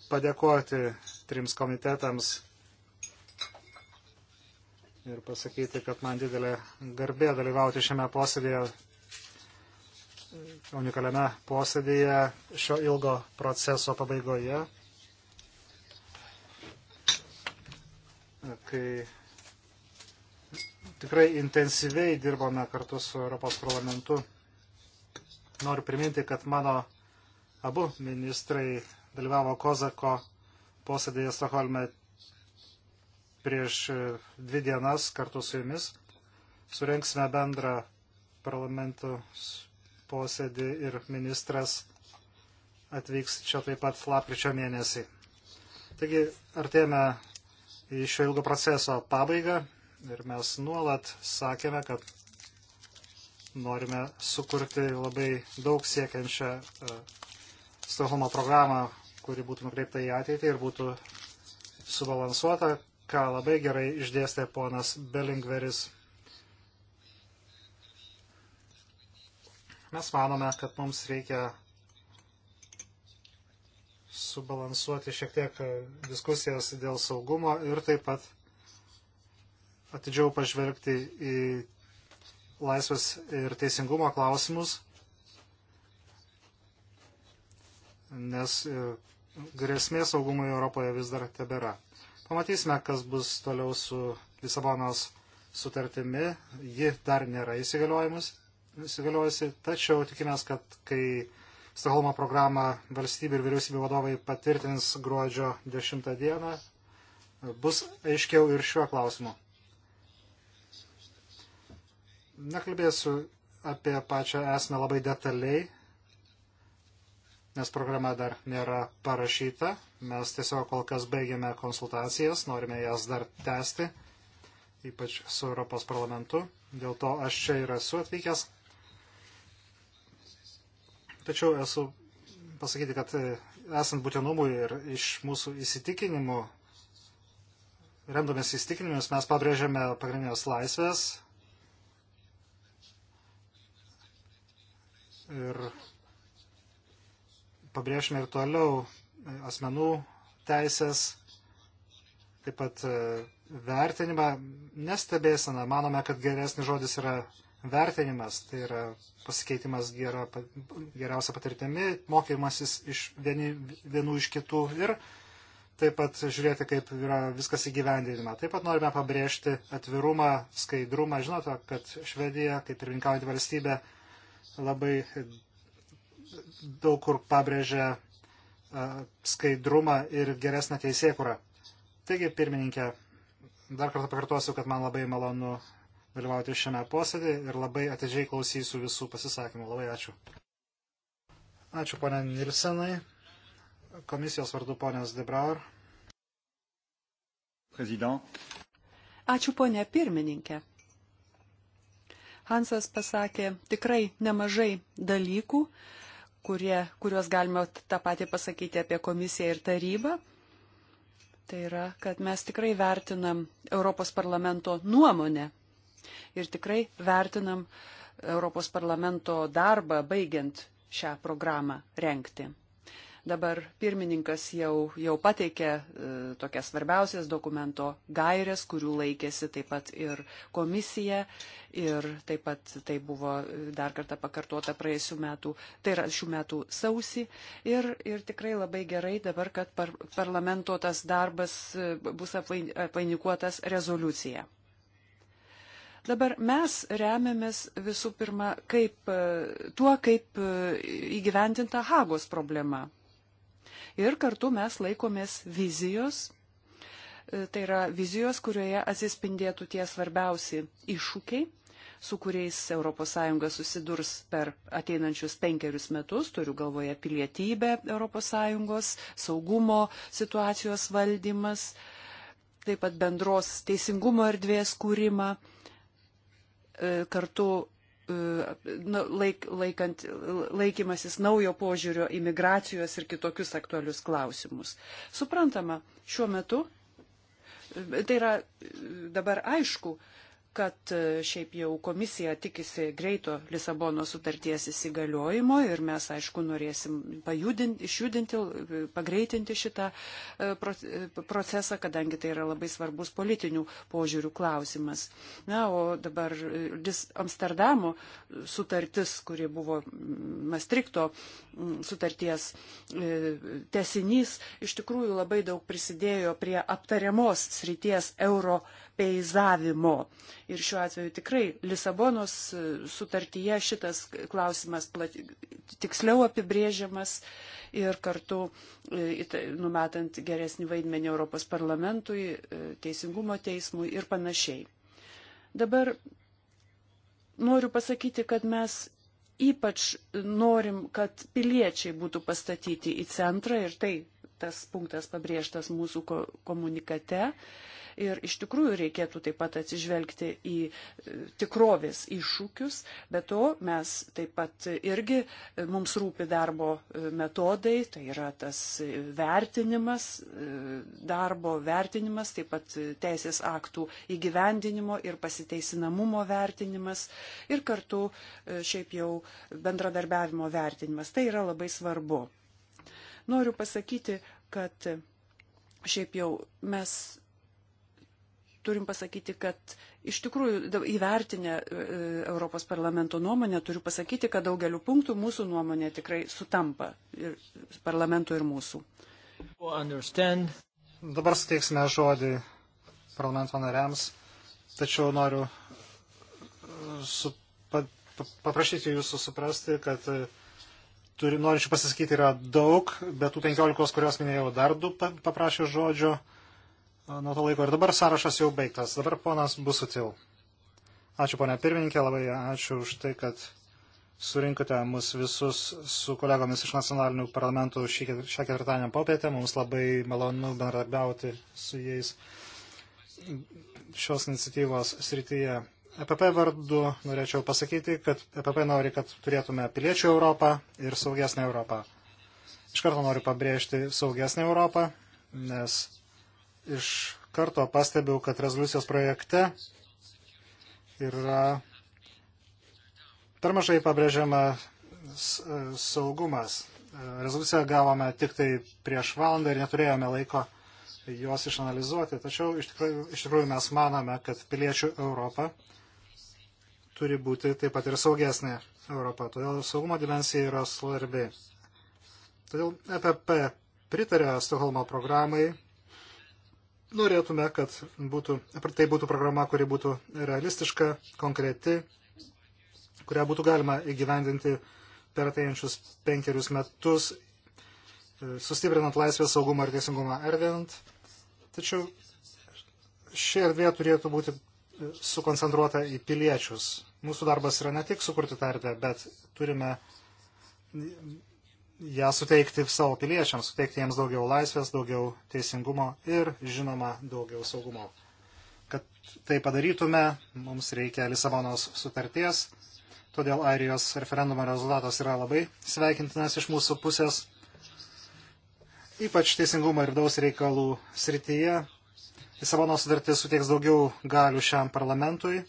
Speaker 3: padėkoti trims komitetams ir pasakyti, kad man didelė garbė dalyvauti šiame posėdėje, unikaliame posėdėje šio ilgo proceso pabaigoje. kai tikrai intensyviai dirbome kartu su Europos parlamentu. Noriu priminti, kad mano abu ministrai dalyvavo Kozako posėdėje Stokholme prieš e, dvi dienas kartu su jumis. Surenksime bendrą parlamentų posėdį ir ministras atvyks čia taip pat lapkričio mėnesį. Taigi, artėjame į šio ilgo proceso pabaigą ir mes nuolat sakėme, kad norime sukurti labai daug siekiančią e, Stokholmo programą, kuri būtų nukreipta į ateitį ir būtų subalansuota, ką labai gerai išdėstė ponas Belingveris. Mes manome, kad mums reikia subalansuoti šiek tiek e, diskusijas dėl saugumo ir taip pat atidžiau pažvelgti į laisvės ir teisingumo klausimus, nes e, grėsmė saugumui Europoje vis dar tebėra. Pamatysime, kas bus toliau su Lisabonos sutartimi. Ji dar nėra įsigaliojusi, tačiau tikimės, kad kai Stokholmo programą valstybių ir vyriausybių vadovai patvirtins gruodžio 10 dieną, bus aiškiau ir šiuo klausimu. Nekalbėsiu apie pačią esmę labai detaliai, nes programa dar nėra parašyta. Mes tiesiog kol kas baigėme konsultacijas, norime jas dar tęsti, ypač su Europos parlamentu. Dėl to aš čia ir esu atvykęs. Tačiau esu pasakyti, kad e, esant būtinumui ir iš mūsų įsitikinimų, remdomės įsitikinimus, mes pabrėžiame pagrindinės laisvės ir pabrėžime ir toliau e, asmenų teisės, taip pat e, vertinimą, nestebėsime, manome, kad geresnis žodis yra vertinimas, tai yra pasikeitimas gera, geriausia patirtimi, mokymasis iš vieni, vienų iš kitų ir taip pat žiūrėti, kaip yra viskas įgyvendinima. Taip pat norime pabrėžti atvirumą, skaidrumą. Žinote, kad Švedija, kaip ir vinkaujant valstybė, labai daug kur pabrėžia skaidrumą ir geresnę teisėkurą. Taigi, pirmininkė, dar kartą pakartosiu, kad man labai malonu dalyvauti šiame posėdėje ir labai atidžiai klausysiu visų pasisakymų. Labai ačiū. Ačiū, ponė Nilsenai. Komisijos vardu ponės Debrauer. Prezident.
Speaker 2: Ačiū, ponė pirmininkė. Hansas pasakė tikrai nemažai dalykų, kurie, kuriuos galima tą patį pasakyti apie komisiją ir tarybą. Tai yra, kad mes tikrai vertinam Europos parlamento nuomonę Ir tikrai vertinam Europos parlamento darbą, baigiant šią programą renkti. Dabar pirmininkas jau, jau pateikė e, tokias svarbiausias dokumento gairės, kurių laikėsi taip pat ir komisija. Ir taip pat tai buvo e, dar kartą pakartota praėjusių metų, tai yra šių metų sausi. Ir, ir tikrai labai gerai dabar, kad par, parlamento tas darbas e, bus apvainikuotas rezoliucija. Dabar mes remiamės visų pirma kaip, e, tuo, kaip e, įgyventinta Hagos problema. Ir kartu mes laikomės vizijos, e, tai yra vizijos, kurioje atsispindėtų tie svarbiausi iššūkiai, su kuriais ES susidurs per ateinančius penkerius metus, turiu galvoje pilietybę ES, saugumo situacijos valdymas, taip pat bendros teisingumo erdvės kūrimą E, kartu e, laik, laikant, laikymasis naujo požiūrio į migracijos ir kitokius aktualius klausimus. Suprantama, šiuo metu, e, tai yra dabar aišku, kad e, šiaip jau komisija tikisi greito Lisabono sutarties įsigaliojimo ir mes, aišku, norėsim pajudinti, išjudinti, e, pagreitinti šitą e, procesą, kadangi tai yra labai svarbus politinių požiūrių klausimas. Na, o dabar Amsterdamo sutartis, kuri buvo Mastrikto mm, mm, sutarties tesinys, iš tikrųjų labai daug prisidėjo prie aptariamos srities euro europeizavimo. Ir šiuo atveju tikrai Lisabonos sutartyje šitas klausimas plat, tiksliau apibrėžiamas ir kartu e, numatant geresnį vaidmenį Europos parlamentui, e, teisingumo teismui ir panašiai. Dabar noriu pasakyti, kad mes ypač norim, kad piliečiai būtų pastatyti į centrą ir tai tas punktas pabrėžtas mūsų komunikate. Ir iš tikrųjų reikėtų taip pat atsižvelgti į e, tikrovės iššūkius, bet to mes taip pat irgi e, mums rūpi darbo e, metodai, tai yra tas vertinimas, darbo vertinimas, taip pat teisės aktų įgyvendinimo ir pasiteisinamumo vertinimas ir kartu šiaip jau bendradarbiavimo vertinimas. Tai yra labai svarbu. Noriu pasakyti, kad šiaip jau mes turim pasakyti, kad iš tikrųjų įvertinę e, e, Europos parlamento nuomonę, turiu pasakyti, kad daugeliu punktų mūsų nuomonė tikrai sutampa ir parlamento ir mūsų.
Speaker 1: Understand.
Speaker 3: Dabar suteiksime žodį parlamento nariams, tačiau noriu e, su, pa, pa, paprašyti jūsų suprasti, kad turi, norinčių pasiskyti yra daug, bet tų penkiolikos, kuriuos minėjau, dar du paprašė žodžio nuo to laiko ir dabar sąrašas jau baigtas. Dabar ponas Busutil. Ačiū ponia pirmininkė, labai ačiū už tai, kad surinkote mus visus su kolegomis iš nacionalinių parlamentų šį, šią ketvirtadienį popietę. Mums labai malonu bendradarbiauti su jais šios iniciatyvos srityje. EPP vardu norėčiau pasakyti, kad EPP nori, kad turėtume piliečių Europą ir saugesnę Europą. Iš karto noriu pabrėžti saugesnę Europą, nes iš karto pastebiu, kad rezoliucijos projekte yra per mažai pabrėžiama saugumas. Rezoliuciją gavome tik tai prieš valandą ir neturėjome laiko juos išanalizuoti. Tačiau iš tikrųjų, iš tikrųjų mes manome, kad piliečių Europa turi būti taip pat ir saugesnė Europa. Todėl saugumo dimensija yra svarbi. Todėl EPP pritarė Stokholmo programai norėtume, kad būtų, tai būtų programa, kuri būtų realistiška, konkreti, kurią būtų galima įgyvendinti per ateinančius penkerius metus, sustiprinant laisvę, saugumą ir teisingumą erdvėnant. Tačiau ši erdvė turėtų būti sukoncentruota į piliečius. Mūsų darbas yra ne tik sukurti tą erdvę, bet turime ją suteikti savo piliečiams, suteikti jiems daugiau laisvės, daugiau teisingumo ir, žinoma, daugiau saugumo. Kad tai padarytume, mums reikia Lisabonos sutarties, todėl Airijos referendumo rezultatas yra labai sveikintinas iš mūsų pusės, ypač teisingumo ir daus reikalų srityje. Lisabonos sutartis suteiks daugiau galių šiam parlamentui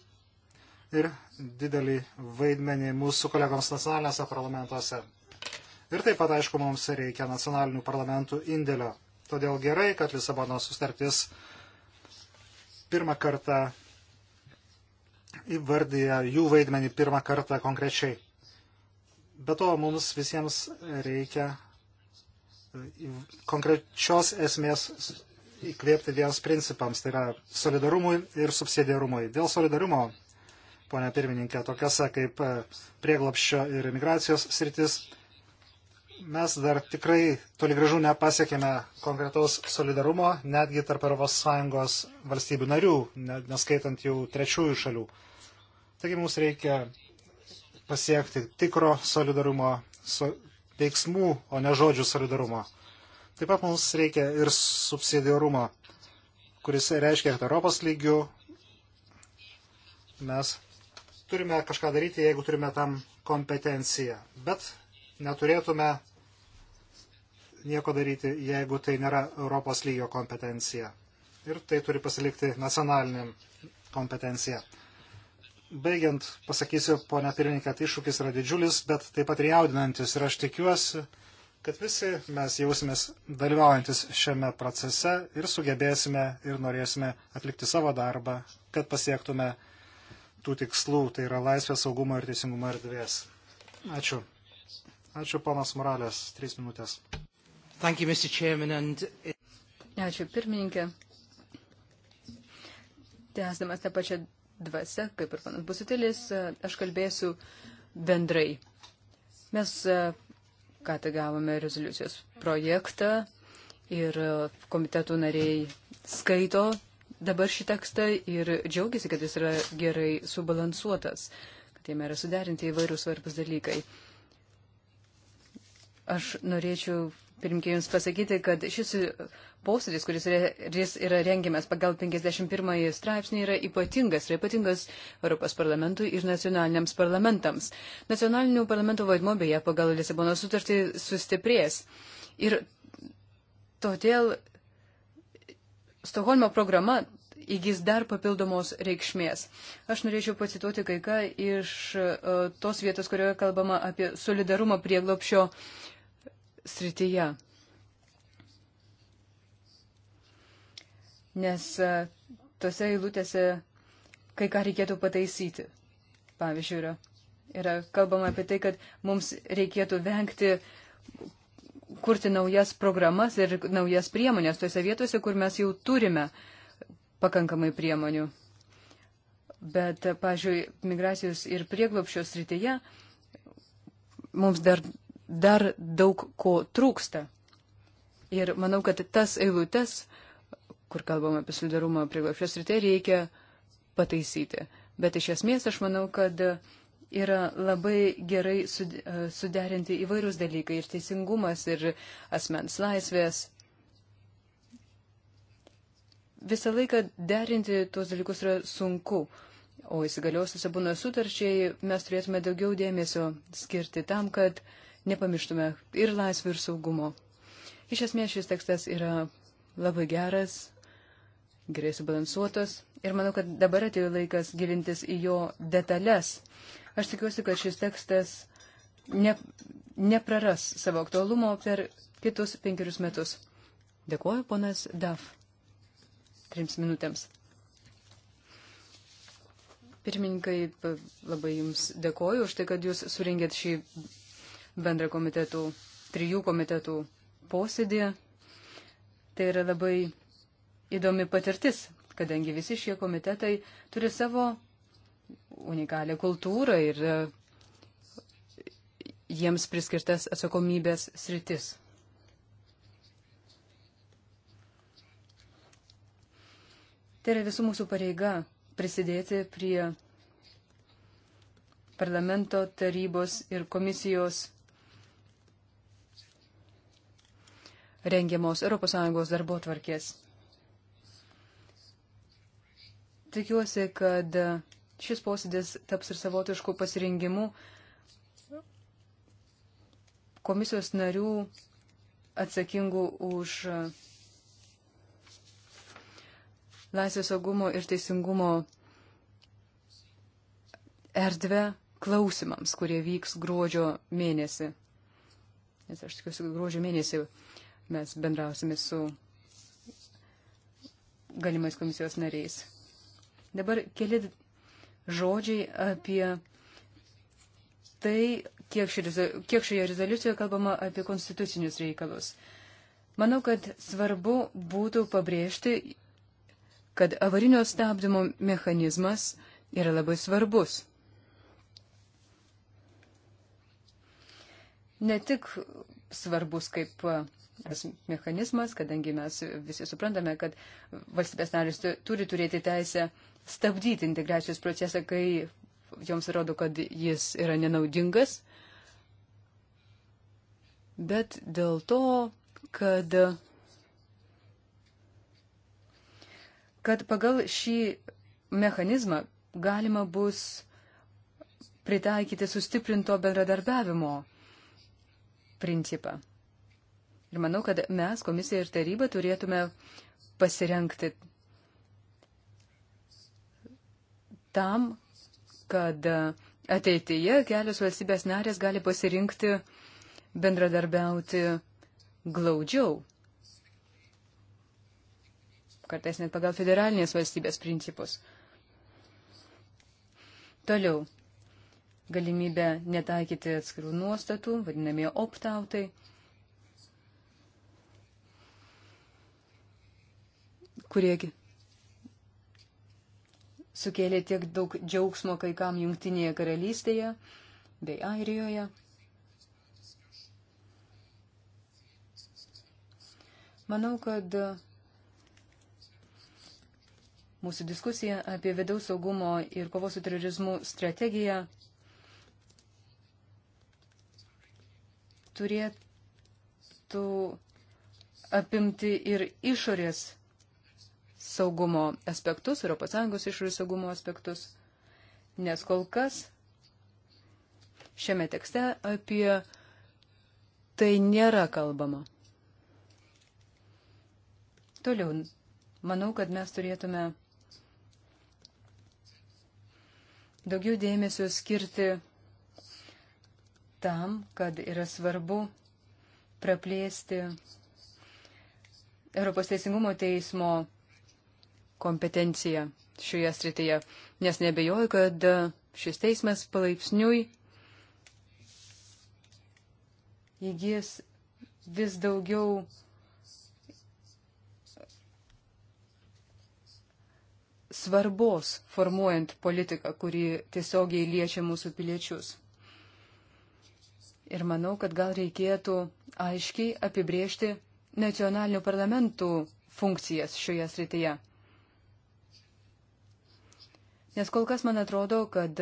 Speaker 3: ir didelį vaidmenį mūsų kolegoms nacionalinėse parlamentuose. Ir taip pat, aišku, mums reikia nacionalinių parlamentų indėlio. Todėl gerai, kad Lisabono sustartis pirmą kartą įvardyja jų vaidmenį pirmą kartą konkrečiai. Be to, mums visiems reikia konkrečios esmės įkvėpti vienas principams, tai yra solidarumui ir subsidiarumui. Dėl solidarumo, ponia pirmininkė, tokiose kaip prieglapščio ir imigracijos sritis, mes dar tikrai toli gražu nepasiekėme konkretaus solidarumo netgi tarp ES valstybių narių, neskaitant jau trečiųjų šalių. Taigi mums reikia pasiekti tikro solidarumo, so, veiksmų, o ne žodžių solidarumo. Taip pat mums reikia ir subsidiarumo, kuris reiškia, kad Europos lygių mes turime kažką daryti, jeigu turime tam kompetenciją. Bet neturėtume nieko daryti, jeigu tai nėra Europos lygio kompetencija. Ir tai turi pasilikti nacionaliniam kompetencija. Baigiant, pasakysiu, ponia pirmininkė, kad iššūkis yra didžiulis, bet taip pat ir jaudinantis. Ir aš tikiuosi, kad visi mes jausimės dalyvaujantis šiame procese ir sugebėsime ir norėsime atlikti savo darbą, kad pasiektume tų tikslų, tai yra laisvės, saugumo ir teisingumo erdvės. Ačiū. Ačiū, ponas Moralės, trys minutės. Thank you, Mr. Chairman, and...
Speaker 1: Ačiū pirmininkė. Tęsdamas tą pačią dvasę, kaip ir panas Busutilis, aš kalbėsiu bendrai. Mes e, ką tik gavome rezoliucijos projektą ir e, komitetų nariai skaito dabar šį tekstą ir džiaugiasi, kad jis yra gerai subalansuotas, kad jame yra suderinti įvairių svarbus dalykai. Aš norėčiau pirmkiai Jums pasakyti, kad šis posėdis, kuris yra, yra rengiamas pagal 51 straipsnį, yra ypatingas, yra ypatingas Europos parlamentui ir nacionaliniams parlamentams. Nacionalinių parlamentų vaidmo beje pagal Lisabono sutartį sustiprės. Ir todėl Stokholmo programa įgis dar papildomos reikšmės. Aš norėčiau pacituoti kai ką iš e, tos vietos, kurioje kalbama apie solidarumą prieglopšio uh, srityje. Nes e, tose eilutėse kai ką reikėtų pataisyti. Pavyzdžiui, yra, yra kalbama apie tai, kad mums reikėtų vengti kurti naujas programas ir naujas priemonės tose vietose, kur mes jau turime pakankamai priemonių. Bet, pažiūrėjau, migracijos ir prieglopščios rytyje mums dar dar daug ko trūksta. Ir manau, kad tas eilutes, kur kalbam apie solidarumą prieglobščios rytė, reikia pataisyti. Bet iš esmės aš manau, kad yra labai gerai e, suderinti įvairūs dalykai ir teisingumas, ir asmens laisvės. Visą laiką derinti tuos dalykus yra sunku. O įsigaliosiuose būna sutarčiai mes turėtume daugiau dėmesio skirti tam, kad uh, nepamirštume ir laisvių, ir saugumo. Iš esmės šis tekstas yra labai geras, gerai subalansuotas ir manau, kad dabar atėjo laikas gilintis į jo detalės. Aš tikiuosi, kad šis tekstas ne, nepraras savo aktualumo per kitus penkerius metus. Dėkuoju, ponas Daf. Trims minutėms. Pirmininkai, labai Jums dėkoju už tai, kad Jūs suringėt šį bendrą komitetų, trijų komitetų posėdį. Tai yra labai įdomi patirtis, kadangi visi šie komitetai turi savo unikalią kultūrą ir e, jiems priskirtas atsakomybės sritis. Tai yra visų mūsų pareiga prisidėti prie parlamento tarybos ir komisijos rengiamos ES darbo tvarkės. Tikiuosi, kad šis posėdis taps ir savotiškų pasirinkimų komisijos narių atsakingų už laisvės saugumo ir teisingumo erdvę klausimams, kurie vyks gruodžio mėnesį. Nes aš tikiuosi, gruodžio mėnesį mes bendrausime su galimais komisijos nariais. Dabar keli žodžiai apie tai, kiek, ši, kiek šioje rezoliucijoje kalbama apie konstitucinius reikalus. Manau, kad svarbu būtų pabrėžti, kad avarinio stabdymo mechanizmas yra labai svarbus. Ne tik svarbus kaip mechanizmas, kadangi mes visi suprantame, kad valstybės narės turi turėti teisę stabdyti integracijos procesą, kai joms rodo, kad jis yra nenaudingas. Bet dėl to, kad, kad pagal šį mechanizmą galima bus pritaikyti sustiprinto bendradarbiavimo principą. Ir manau, kad mes, komisija ir taryba, turėtume pasirenkti tam, kad ateityje kelios valstybės narės gali pasirinkti bendradarbiauti glaudžiau. Kartais net pagal federalinės valstybės principus. Toliau. Galimybė netaikyti atskirų nuostatų, vadinamie opt-autai. kurie sukėlė tiek daug džiaugsmo kai kam Jungtinėje karalystėje bei Airijoje. Manau, kad mūsų diskusija apie vidaus saugumo ir kovos su terorizmu strategiją turėtų apimti ir išorės saugumo aspektus, ES išorės saugumo aspektus, nes kol kas šiame tekste apie tai nėra kalbama. Toliau, manau, kad mes turėtume daugiau dėmesio skirti tam, kad yra svarbu praplėsti Europos Teisingumo teismo kompetenciją šioje srityje, nes nebejoju, kad šis teismas palaipsniui įgys vis daugiau svarbos formuojant politiką, kuri tiesiogiai liečia mūsų piliečius. Ir manau, kad gal reikėtų aiškiai apibriežti nacionalinių parlamentų funkcijas šioje srityje. Nes kol kas man atrodo, kad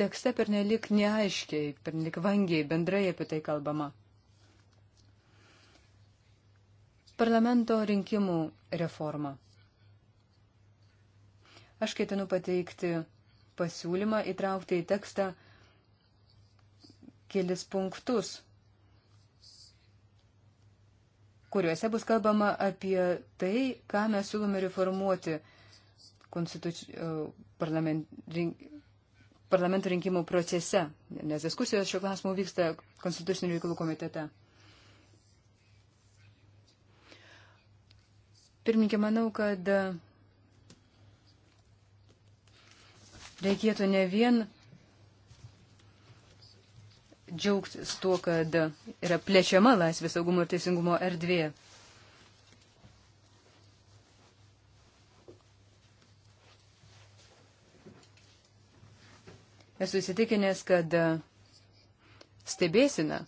Speaker 1: tekste pernelik neaiškiai, pernelik vangiai bendrai apie tai kalbama. Parlamento rinkimų reforma. Aš ketinu pateikti pasiūlymą įtraukti į tekstą kelis punktus, kuriuose bus kalbama apie tai, ką mes siūlome reformuoti konstituci... E, parlament... rink... parlamento rinkimų procese, nes diskusijos šio klausimu vyksta konstitucinių reikalų komitete. Pirminkė, manau, kad reikėtų ne vien džiaugtis tuo, kad yra plečiama laisvės saugumo ir teisingumo erdvė. Esu įsitikinęs, kad e, stebėsina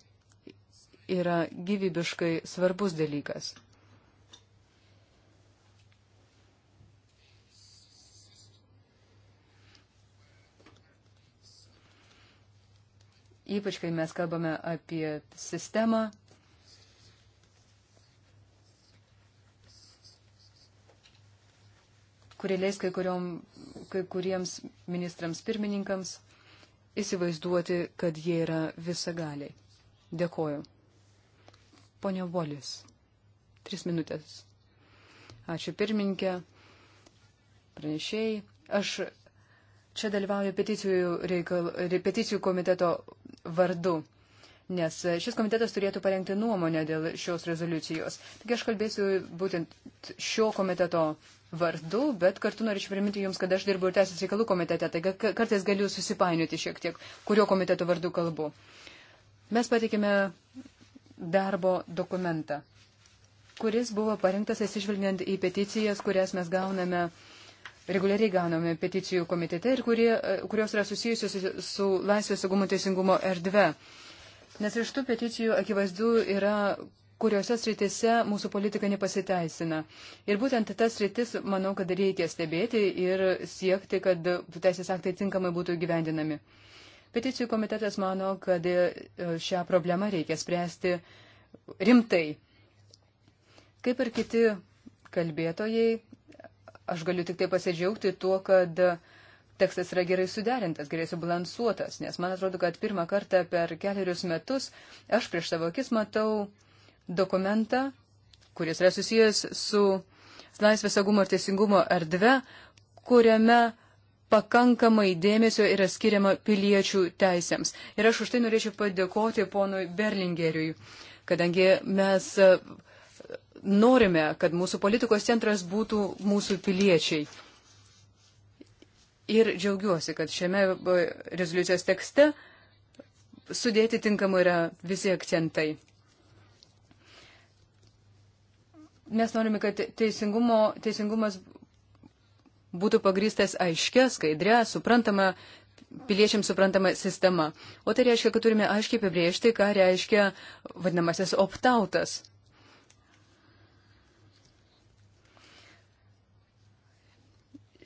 Speaker 1: yra gyvybiškai svarbus dalykas. Ypač kai mes kalbame apie sistemą, kurie leis kai, kuriom, kai kuriems ministrams pirmininkams įsivaizduoti, kad jie yra visagaliai. Dėkoju. Pone Volis, tris minutės. Ačiū pirmininkė, pranešėjai. Aš čia dalyvauju peticijų, reikal, peticijų komiteto vardu nes šis komitetas turėtų parengti nuomonę dėl šios rezoliucijos. Taigi aš kalbėsiu būtent šio komiteto vardu, bet kartu norėčiau priminti Jums, kad aš dirbu ir Teisės reikalų komitete, taigi kartais galiu susipainioti šiek tiek, kurio komiteto vardu kalbu. Mes patikime darbo dokumentą, kuris buvo parinktas atsižvelgiant į peticijas, kurias mes gauname reguliariai gauname peticijų komitete ir kurie, e, kurios yra susijusios su laisvės saugumo teisingumo erdve. Nes iš tų peticijų akivaizdu yra kuriuose sritise mūsų politika nepasiteisina. Ir būtent tas sritis, manau, kad reikia stebėti ir siekti, kad teisės aktai tinkamai būtų gyvendinami. Peticijų komitetas mano, kad e, šią problemą reikia spręsti rimtai. Kaip ir kiti kalbėtojai, aš galiu tik tai pasidžiaugti tuo, kad uh, tekstas yra gerai suderintas, gerai subalansuotas, nes man atrodo, kad pirmą kartą per keliarius metus aš prieš savo akis matau dokumentą, kuris yra susijęs su laisvės saugumo ir teisingumo erdve, kuriame pakankamai dėmesio yra skiriama piliečių teisėms. Ir aš už tai norėčiau padėkoti ponui Berlingeriui, kadangi mes e, norime, kad mūsų politikos centras būtų mūsų piliečiai. Ir džiaugiuosi, kad šiame e, rezoliucijos tekste sudėti tinkamai yra visi akcentai. Mes norime, kad teisingumo, teisingumas būtų pagrįstas aiškia, skaidrė, suprantama, piliečiams suprantama sistema. O tai reiškia, kad turime aiškiai apibriežti, ką reiškia vadinamasis optautas.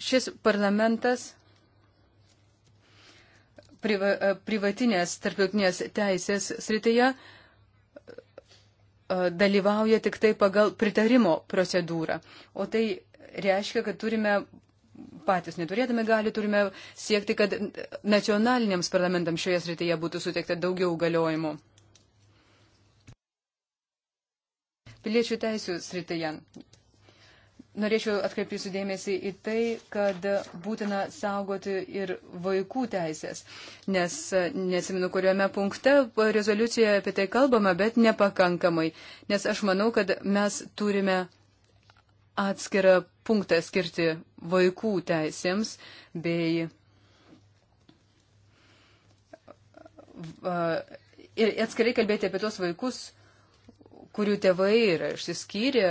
Speaker 1: Šis parlamentas priva, e, privatinės tarptautinės teisės srityje e, dalyvauja tik tai pagal pritarimo procedūrą. O tai reiškia, kad turime patys neturėdami gali, turime siekti, kad nacionaliniams parlamentams šioje srityje būtų suteikta daugiau galiojimų. Piliečių teisų srityje norėčiau atkreipti jūsų dėmesį į tai, kad būtina saugoti ir vaikų teisės, nes e, nesiminu, kuriuome punkte rezoliucijoje apie tai kalbama, bet nepakankamai, nes aš manau, kad mes turime atskirą punktą skirti vaikų teisėms bei e, e, ir atskirai kalbėti apie tos vaikus, kurių tėvai yra išsiskyrę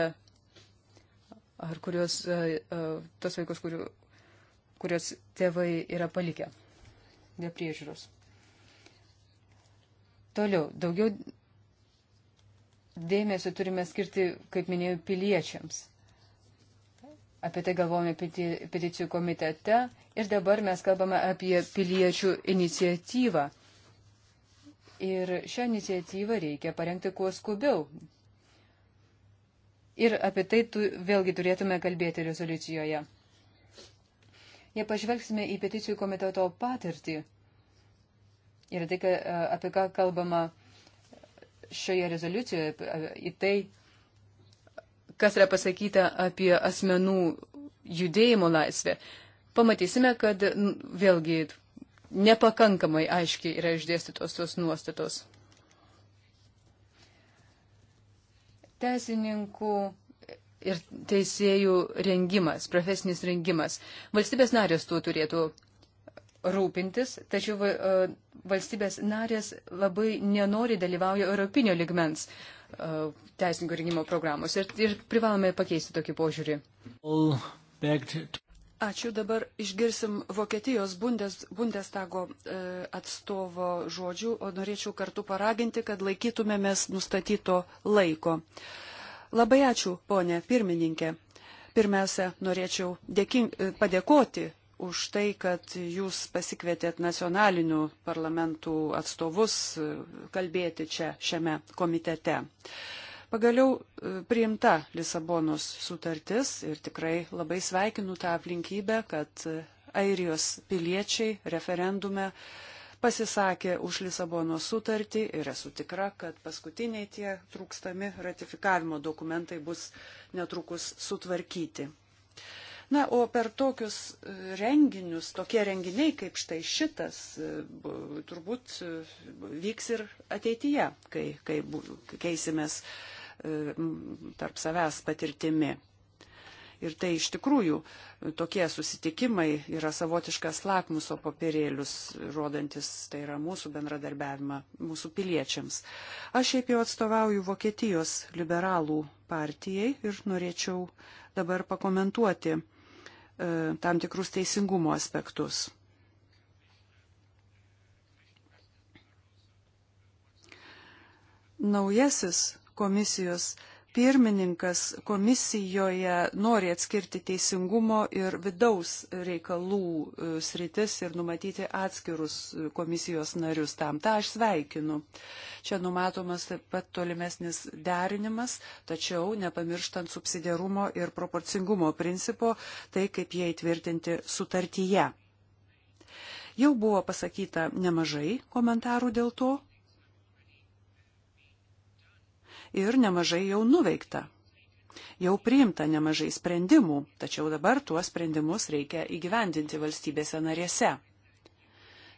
Speaker 1: ar kurios, e, e, tas vaikus, kurių, kurios tėvai yra palikę dėl priežiūros. Toliau, daugiau dėmesio turime skirti, kaip minėjau, piliečiams. Apie tai galvojame peticijų komitete ir dabar mes kalbame apie piliečių iniciatyvą. Ir šią iniciatyvą reikia parengti kuo skubiau, Ir apie tai tu, vėlgi turėtume kalbėti rezoliucijoje. Jei pažvelgsime į peticijų komiteto patirtį ir tai, apie ką kalbama šioje rezoliucijoje, į tai, kas yra pasakyta apie asmenų judėjimo laisvę, pamatysime, kad vėlgi nepakankamai aiškiai yra išdėstytos tos nuostatos. teisininkų ir teisėjų rengimas, profesinis rengimas. Valstybės narės tuo turėtų rūpintis, tačiau e, valstybės narės labai nenori dalyvauja europinio ligmens e, teisininkų rengimo programos ir, ir privalome pakeisti tokį požiūrį.
Speaker 2: Ačiū. Dabar išgirsim Vokietijos bundes, Bundestago e, atstovo žodžių, o norėčiau kartu paraginti, kad laikytumėmės nustatyto laiko. Labai ačiū, ponė pirmininkė. Pirmiausia, norėčiau dėking, e, padėkoti už tai, kad jūs pasikvietėt nacionalinių parlamentų atstovus e, kalbėti čia šiame komitete. E, Pagaliau e, priimta Lisabonos sutartis ir tikrai labai sveikinu tą aplinkybę, kad e, Airijos piliečiai referendume pasisakė už Lisabono sutartį ir esu tikra, kad paskutiniai tie trūkstami ratifikavimo dokumentai bus netrukus sutvarkyti. Na, o per tokius e, renginius, tokie renginiai kaip štai šitas, turbūt vyks ir ateityje, kai, kai keisimės E, tarp savęs patirtimi. Ir tai iš tikrųjų e, tokie susitikimai yra savotiškas lakmuso papirėlius, rodantis tai yra mūsų bendradarbiavimą, mūsų piliečiams. Aš šiaip jau atstovauju Vokietijos liberalų partijai ir norėčiau dabar pakomentuoti e, tam tikrus teisingumo aspektus. Naujasis komisijos pirmininkas komisijoje nori atskirti teisingumo ir vidaus reikalų e, sritis ir numatyti atskirus e, komisijos narius tam. Ta aš sveikinu. Čia numatomas taip pat tolimesnis derinimas, tačiau nepamirštant subsidiarumo ir proporcingumo principo, tai kaip jie įtvirtinti sutartyje. Jau buvo pasakyta nemažai komentarų dėl to, ir nemažai jau nuveikta. Jau priimta nemažai sprendimų, tačiau dabar tuos sprendimus reikia įgyvendinti valstybėse narėse.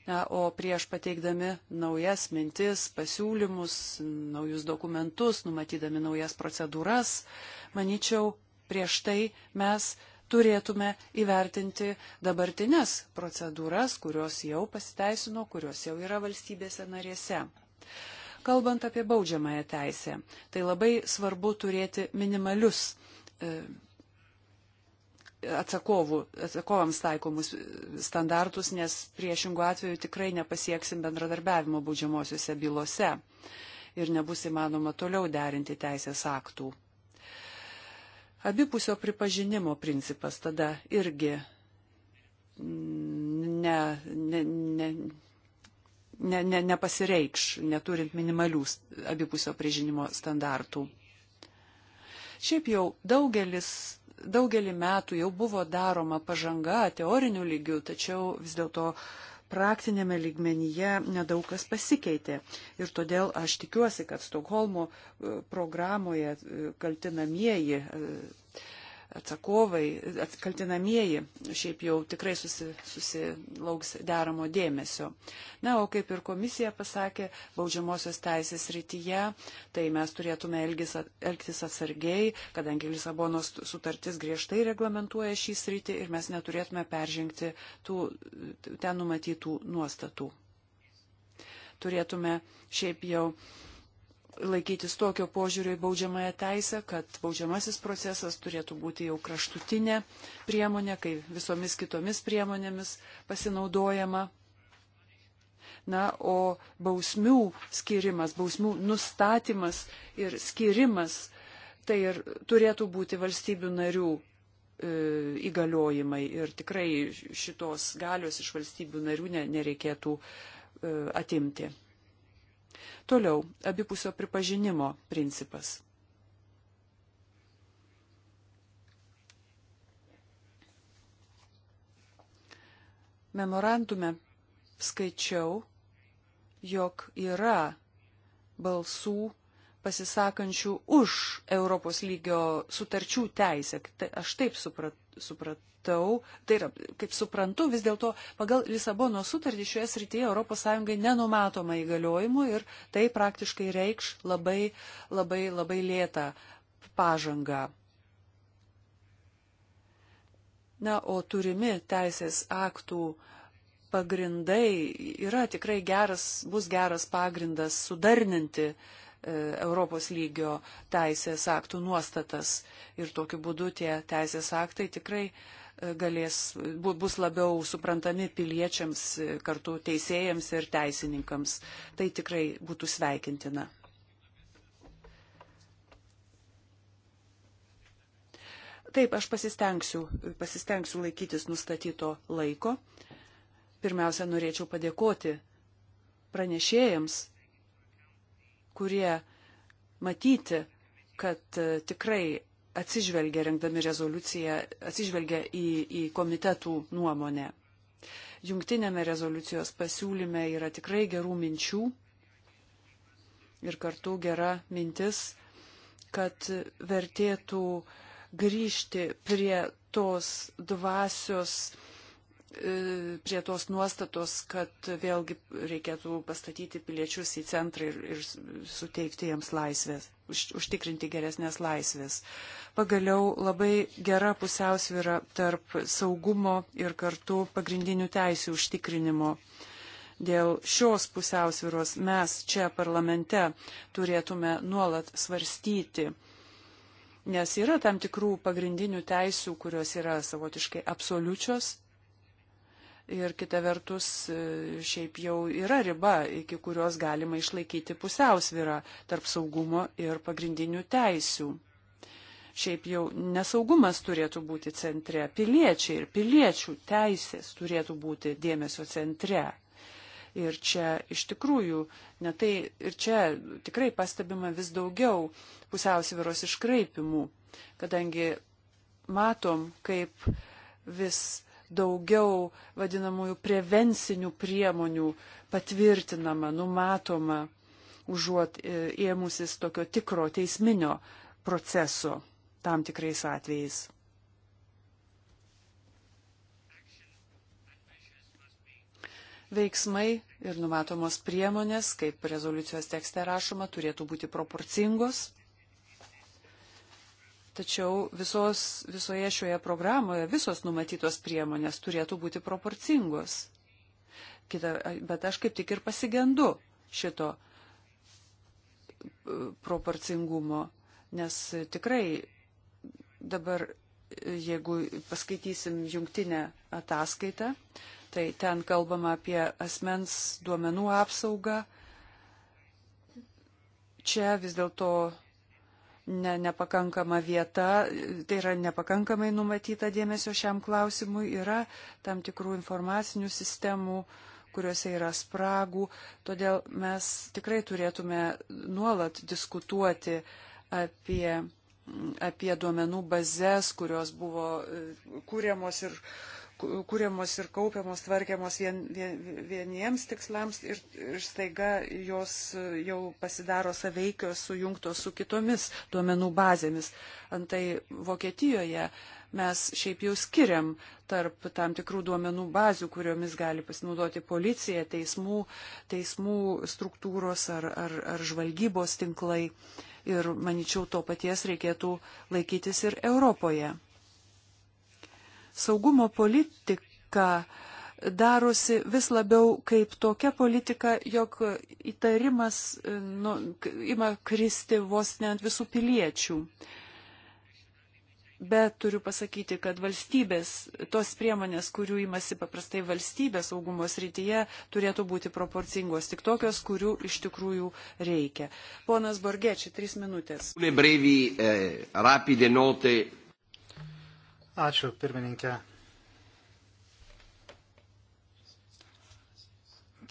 Speaker 2: Na, o prieš pateikdami naujas mintis, pasiūlymus, naujus dokumentus, numatydami naujas procedūras, manyčiau, prieš tai mes turėtume įvertinti dabartines procedūras, kurios jau pasiteisino, kurios jau yra valstybėse narėse. Kalbant apie baudžiamąją teisę, tai labai svarbu turėti minimalius e, atsakovų, atsakovams taikomus standartus, nes priešingų atveju tikrai nepasieksim bendradarbiavimo baudžiamosiuose bylose ir nebus įmanoma toliau derinti teisės aktų. Abipusio pripažinimo principas tada irgi ne, ne, ne, ne, ne, nepasireikš, neturint minimalių abipusio priežinimo standartų. Šiaip jau daugelis, daugelį metų jau buvo daroma pažanga teorinių lygių, tačiau vis dėlto praktinėme lygmenyje nedaug kas pasikeitė. Ir todėl aš tikiuosi, kad Stokholmo e, programoje e, kaltinamieji e, atsakovai, kaltinamieji šiaip jau tikrai susi, susilauks deramo dėmesio. Na, o kaip ir komisija pasakė, baudžiamosios teisės rytyje, tai mes turėtume elgis, elgtis atsargiai, kadangi Lisabonos sutartis griežtai reglamentuoja šį sritį ir mes neturėtume peržengti tų ten numatytų nuostatų. Turėtume šiaip jau laikytis tokio požiūrio į baudžiamąją teisę, kad baudžiamasis procesas turėtų būti jau kraštutinė priemonė, kai visomis kitomis priemonėmis pasinaudojama. Na, o bausmių skirimas, bausmių nustatymas ir skirimas, tai ir turėtų būti valstybių narių e, įgaliojimai ir tikrai šitos galios iš valstybių narių nereikėtų e, atimti. Toliau, abipusio pripažinimo principas. Memorandume skaičiau, jog yra balsų pasisakančių už Europos lygio sutarčių teisę. Tai aš taip supratau supratau, tai yra, kaip suprantu, vis dėlto pagal Lisabono sutartį šioje srityje ES nenumatoma įgaliojimų ir tai praktiškai reikš labai, labai, labai lėtą pažangą. Na, o turimi teisės aktų pagrindai yra tikrai geras, bus geras pagrindas sudarninti uh, E, Europos lygio teisės aktų nuostatas ir tokiu būdu tie teisės aktai tikrai e, galės, bus labiau suprantami piliečiams, e, kartu teisėjams ir teisininkams. Tai tikrai būtų sveikintina. Taip, aš pasistengsiu, pasistengsiu laikytis nustatyto laiko. Pirmiausia, norėčiau padėkoti pranešėjams kurie matyti, kad e, tikrai atsižvelgia rengdami rezoliuciją, atsižvelgia į, į komitetų nuomonę. Jungtinėme rezoliucijos pasiūlyme yra tikrai gerų minčių ir kartu gera mintis, kad vertėtų grįžti prie tos dvasios, E, prie tos nuostatos, kad vėlgi reikėtų pastatyti piliečius į centrą ir, ir suteikti jiems laisvės, už, užtikrinti geresnės laisvės. Pagaliau labai gera pusiausvyra tarp saugumo ir kartu pagrindinių teisių užtikrinimo. Dėl šios pusiausviros mes čia parlamente turėtume nuolat svarstyti nes yra tam tikrų pagrindinių teisių, kurios yra savotiškai absoliučios ir kita vertus e, šiaip jau yra riba, iki kurios galima išlaikyti pusiausvyrą tarp saugumo ir pagrindinių teisių. Šiaip jau nesaugumas turėtų būti centre, piliečiai ir piliečių teisės turėtų būti dėmesio centre. Ir čia iš tikrųjų, netai ir čia tikrai pastebima vis daugiau pusiausvyros iškraipimų, kadangi matom, kaip vis daugiau vadinamųjų prevencinių priemonių patvirtinama, numatoma, užuot e, ėmusis tokio tikro teisminio proceso tam tikrais atvejais. Veiksmai ir numatomos priemonės, kaip rezoliucijos tekste rašoma, turėtų būti proporcingos Tačiau visos, visoje šioje programoje visos numatytos priemonės turėtų būti proporcingos. Kita, bet aš kaip tik ir pasigendu šito e, proporcingumo, nes tikrai dabar, e, jeigu paskaitysim jungtinę ataskaitą, tai ten kalbama apie asmens duomenų apsaugą. Čia vis dėlto ne, nepakankama vieta, tai yra nepakankamai numatyta dėmesio šiam klausimui, yra tam tikrų informacinių sistemų kuriuose yra spragų, todėl mes tikrai turėtume nuolat diskutuoti apie, apie duomenų bazės, kurios buvo e, kūriamos ir kūriamos ir kaupiamos, tvarkiamos vien, vien, vieniems tikslams ir, ir staiga jos jau pasidaro saveikios, sujungtos su kitomis duomenų bazėmis. Antai Vokietijoje mes šiaip jau skiriam tarp tam tikrų duomenų bazių, kuriomis gali pasinaudoti policija, teismų, teismų struktūros ar, ar, ar žvalgybos tinklai. Ir manyčiau, to paties reikėtų laikytis ir Europoje saugumo politika darosi vis labiau kaip tokia politika, jog įtarimas e, nu, ima kristi vos ne ant visų piliečių. Bet turiu pasakyti, kad valstybės, tos priemonės, kurių imasi paprastai valstybės saugumo srityje, turėtų būti proporcingos, tik tokios, kurių iš tikrųjų reikia. Ponas Borgečiai, trys minutės. Brevi, eh, Ačiū, pirmininkė.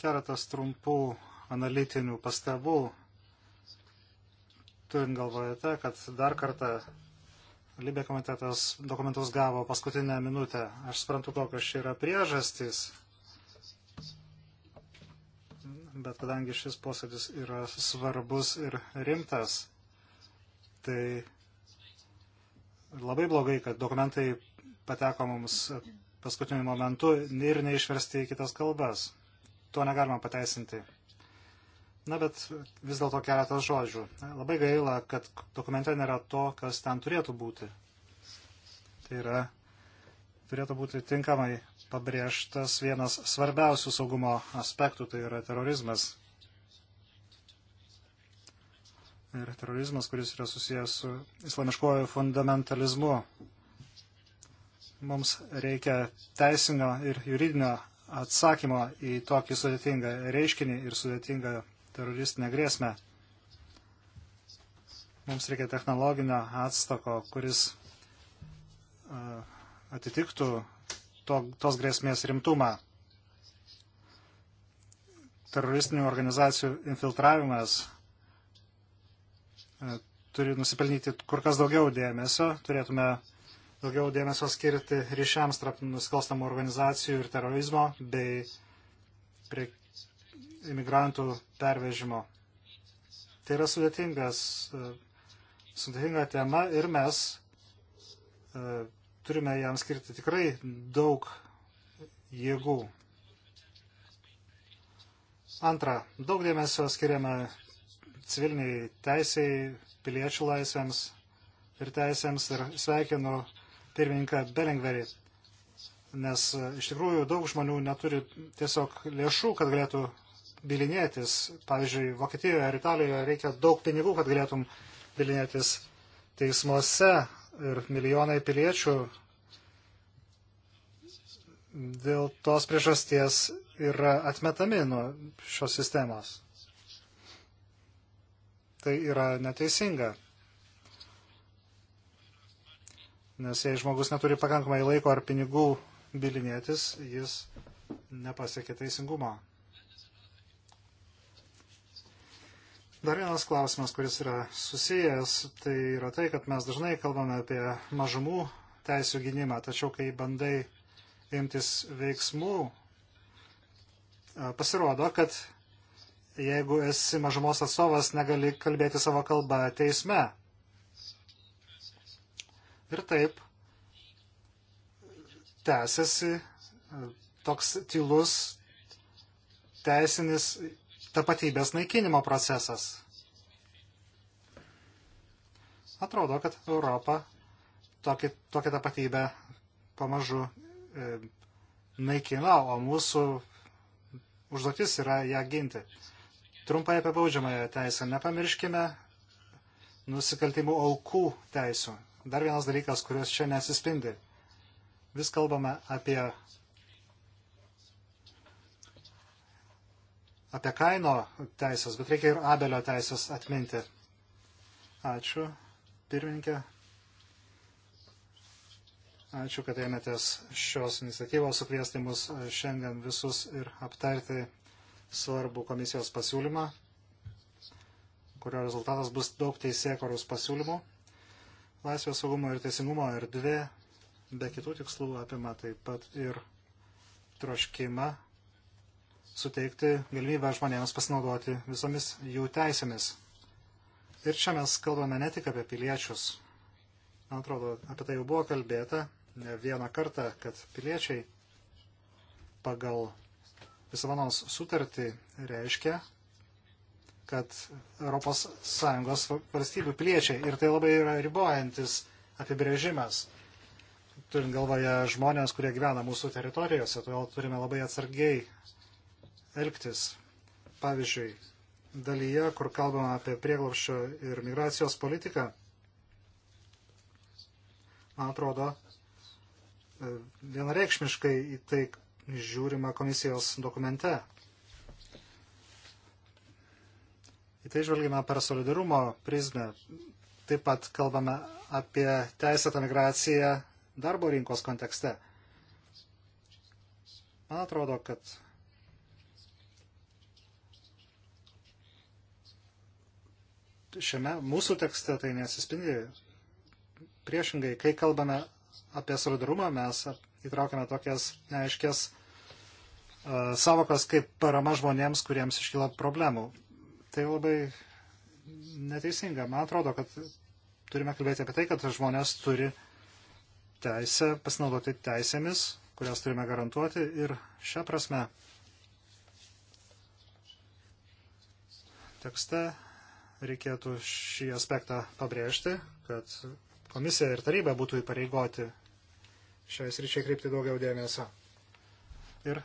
Speaker 3: Keletas trumpų analitinių pastabų, turint galvoje tai, kad dar kartą Libė komitetas dokumentus gavo paskutinę minutę. Aš suprantu, kokios čia yra priežastys, bet kadangi šis posėdis yra svarbus ir rimtas, tai labai blogai, kad dokumentai pateko mums paskutiniu momentu ir neišversti į kitas kalbas. To negalima pateisinti. Na, bet vis dėlto keletas žodžių. Labai gaila, kad dokumente nėra to, kas ten turėtų būti. Tai yra, turėtų būti tinkamai pabrėžtas vienas svarbiausių saugumo aspektų, tai yra terorizmas. ir terorizmas, kuris yra susijęs su islamiškuoju fundamentalizmu. Mums reikia teisinio ir juridinio atsakymo į tokį sudėtingą reiškinį ir sudėtingą teroristinę grėsmę. Mums reikia technologinio atstako, kuris atitiktų to, tos grėsmės rimtumą. Teroristinių organizacijų infiltravimas E, turi nusipelnyti kur kas daugiau dėmesio, turėtume daugiau dėmesio skirti ryšiams tarp nusikalstamų organizacijų ir terorizmo bei prie imigrantų pervežimo. Tai yra sudėtingas, e, sudėtinga tema ir mes e, turime jam skirti tikrai daug jėgų. Antra, daug dėmesio skiriame civiliniai teisiai, piliečių laisvėms ir teisėms ir sveikinu pirmininką Belingverį, nes e, iš tikrųjų daug žmonių neturi tiesiog lėšų, kad galėtų bilinėtis. Pavyzdžiui, Vokietijoje ar Italijoje reikia daug pinigų, kad galėtum bilinėtis teismuose ir milijonai piliečių dėl tos priežasties yra atmetami nuo šios sistemos tai yra neteisinga. Nes jei žmogus neturi pakankamai laiko ar pinigų bilinėtis, jis nepasiekia teisingumo. Dar vienas klausimas, kuris yra susijęs, tai yra tai, kad mes dažnai kalbame apie mažumų teisų gynimą, tačiau kai bandai imtis veiksmų, pasirodo, kad jeigu esi mažumos atstovas, negali kalbėti savo kalbą teisme. Ir taip tęsiasi e, toks tylus teisinis tapatybės naikinimo procesas. Atrodo, kad Europa tokį, tokią tapatybę pamažu e, naikina, o mūsų užduotis yra ją ginti. Trumpai apie baudžiamąją teisę. Nepamirškime nusikaltimų aukų teisų. Dar vienas dalykas, kurios čia nesispindi. Vis kalbame apie, apie kaino teisės, bet reikia ir abelio teisės atminti. Ačiū, pirmininkė. Ačiū, kad ėmėtės šios iniciatyvos sukviesti mus šiandien visus ir aptarti svarbų komisijos pasiūlymą, kurio rezultatas bus daug teisėkorus pasiūlymų. Laisvės saugumo ir teisingumo erdvė be kitų tikslų apima taip pat ir troškimą suteikti galimybę žmonėms pasinaudoti visomis jų teisėmis. Ir čia mes kalbame ne tik apie piliečius. Man atrodo, apie tai jau buvo kalbėta ne vieną kartą, kad piliečiai pagal Lisabonos sutartį reiškia, kad ES valstybių piliečiai ir tai labai yra ribojantis apibrėžimas, turint galvoje žmonės, kurie gyvena mūsų teritorijose, todėl turime labai atsargiai elgtis. Pavyzdžiui, dalyje, kur kalbama apie prieglopščio ir migracijos politiką, man atrodo, vienareikšmiškai į tai žiūrima komisijos dokumente. Į tai žvelgime per solidarumo prizmę. Taip pat kalbame apie teisėtą migraciją darbo rinkos kontekste. Man atrodo, kad šiame mūsų tekste tai nesispindi. Priešingai, kai kalbame apie solidarumą, mes įtraukiame tokias neaiškės e, savokas kaip parama žmonėms, kuriems iškyla problemų. Tai labai neteisinga. Man atrodo, kad turime kalbėti apie tai, kad žmonės turi teisę pasinaudoti teisėmis, kurias turime garantuoti ir šią prasme tekste reikėtų šį aspektą pabrėžti, kad komisija ir taryba būtų įpareigoti šiai sričiai kreipti daugiau dėmesio. Ir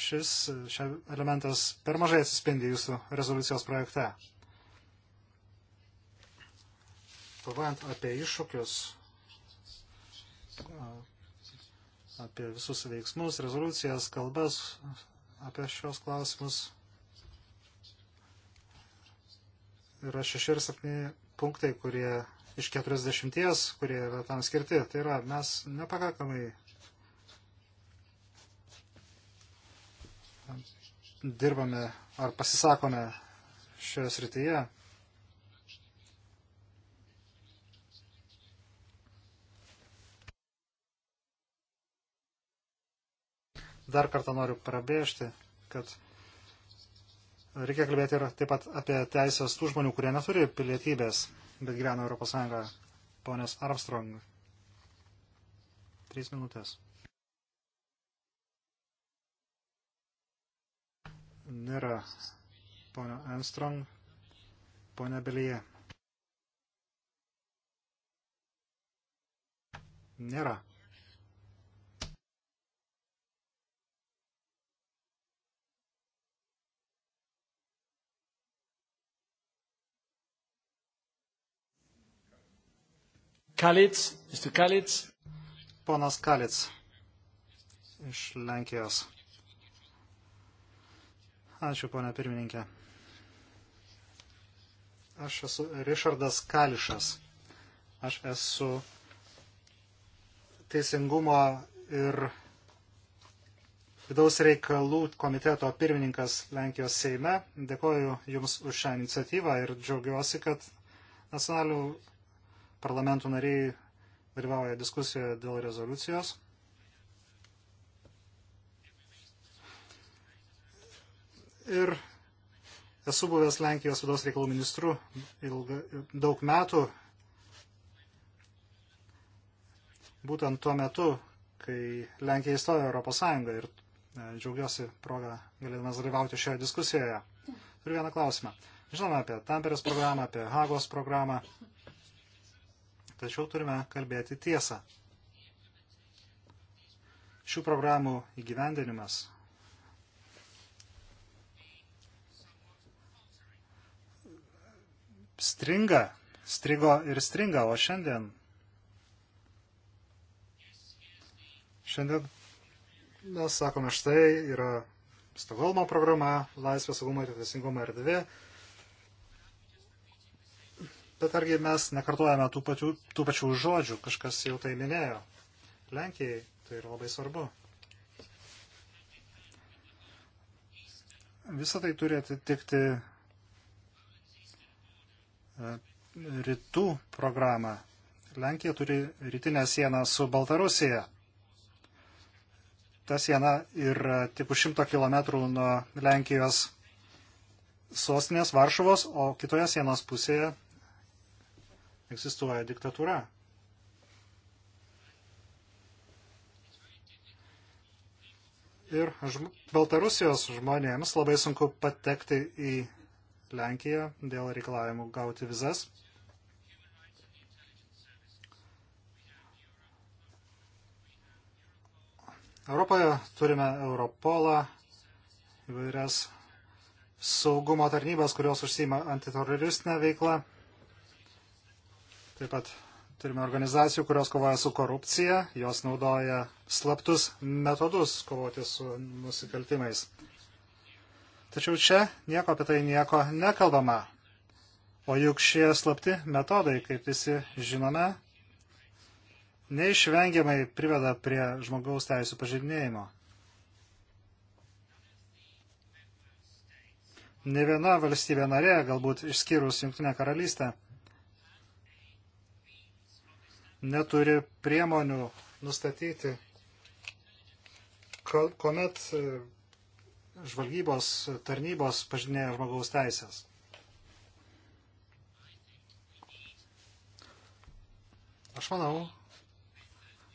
Speaker 3: šis šia elementas per mažai atsispindi jūsų rezoliucijos projekte. Kalbant apie iššūkius, apie visus veiksmus, rezoliucijas, kalbas, apie šios klausimus yra šeši ir septyni punktai, kurie iš 40, kurie yra tam skirti. Tai yra, mes nepakankamai dirbame ar pasisakome šioje srityje. Dar kartą noriu prabėžti, kad reikia kalbėti ir taip pat apie teisės tų žmonių, kurie neturi pilietybės bet gyvena Europos Sąjungoje. Ponės Armstrong. Trys minutės. Nėra ponio Armstrong, ponė Belyje.
Speaker 1: Nėra. Kalits, Mr. Kalits.
Speaker 3: Ponas Kalits iš Lenkijos. Ačiū, ponia pirmininkė. Aš esu Richardas Kališas. Aš esu teisingumo ir vidaus reikalų komiteto pirmininkas Lenkijos Seime. Dėkoju Jums už šią iniciatyvą ir džiaugiuosi, kad nacionalių parlamentų nariai dalyvauja diskusijoje dėl rezoliucijos. Ir esu buvęs Lenkijos vidaus reikalų ministru ilga, daug metų. Būtent tuo metu, kai Lenkija įstojo Europos Sąjungą ir e, džiaugiuosi progą galėdamas dalyvauti šioje diskusijoje. Turiu vieną klausimą. Žinoma apie Tamperės programą, apie Hagos programą tačiau turime kalbėti tiesą. Šių programų įgyvendinimas stringa, strigo ir stringa, o šiandien Šiandien mes sakome, štai yra Stokholmo programa, laisvės saugumo ir teisingumo erdvė, Bet argi mes nekartojame tų pačių, tų pačių žodžių, kažkas jau tai minėjo. Lenkijai tai yra labai svarbu. Visą tai turi atitikti e, rytų programą. Lenkija turi rytinę sieną su Baltarusija. Ta siena yra tik už šimto kilometrų nuo Lenkijos sostinės Varšuvos, o kitoje sienos pusėje egzistuoja diktatūra. Ir žm Baltarusijos žmonėms labai sunku patekti į Lenkiją dėl reikalavimų gauti vizas. Europoje turime Europolą, įvairias saugumo tarnybas, kurios užsima antiteroristinę veiklą. Taip pat turime organizacijų, kurios kovoja su korupcija, jos naudoja slaptus metodus kovoti su nusikaltimais. Tačiau čia nieko apie tai nieko nekalbama. O juk šie slapti metodai, kaip visi žinome, neišvengiamai priveda prie žmogaus teisų pažydinėjimo. Ne viena valstybė narė, galbūt išskyrus Junktinę karalystę, neturi priemonių nustatyti, kuomet e, žvalgybos tarnybos pažinėja žmogaus teisės. Aš manau,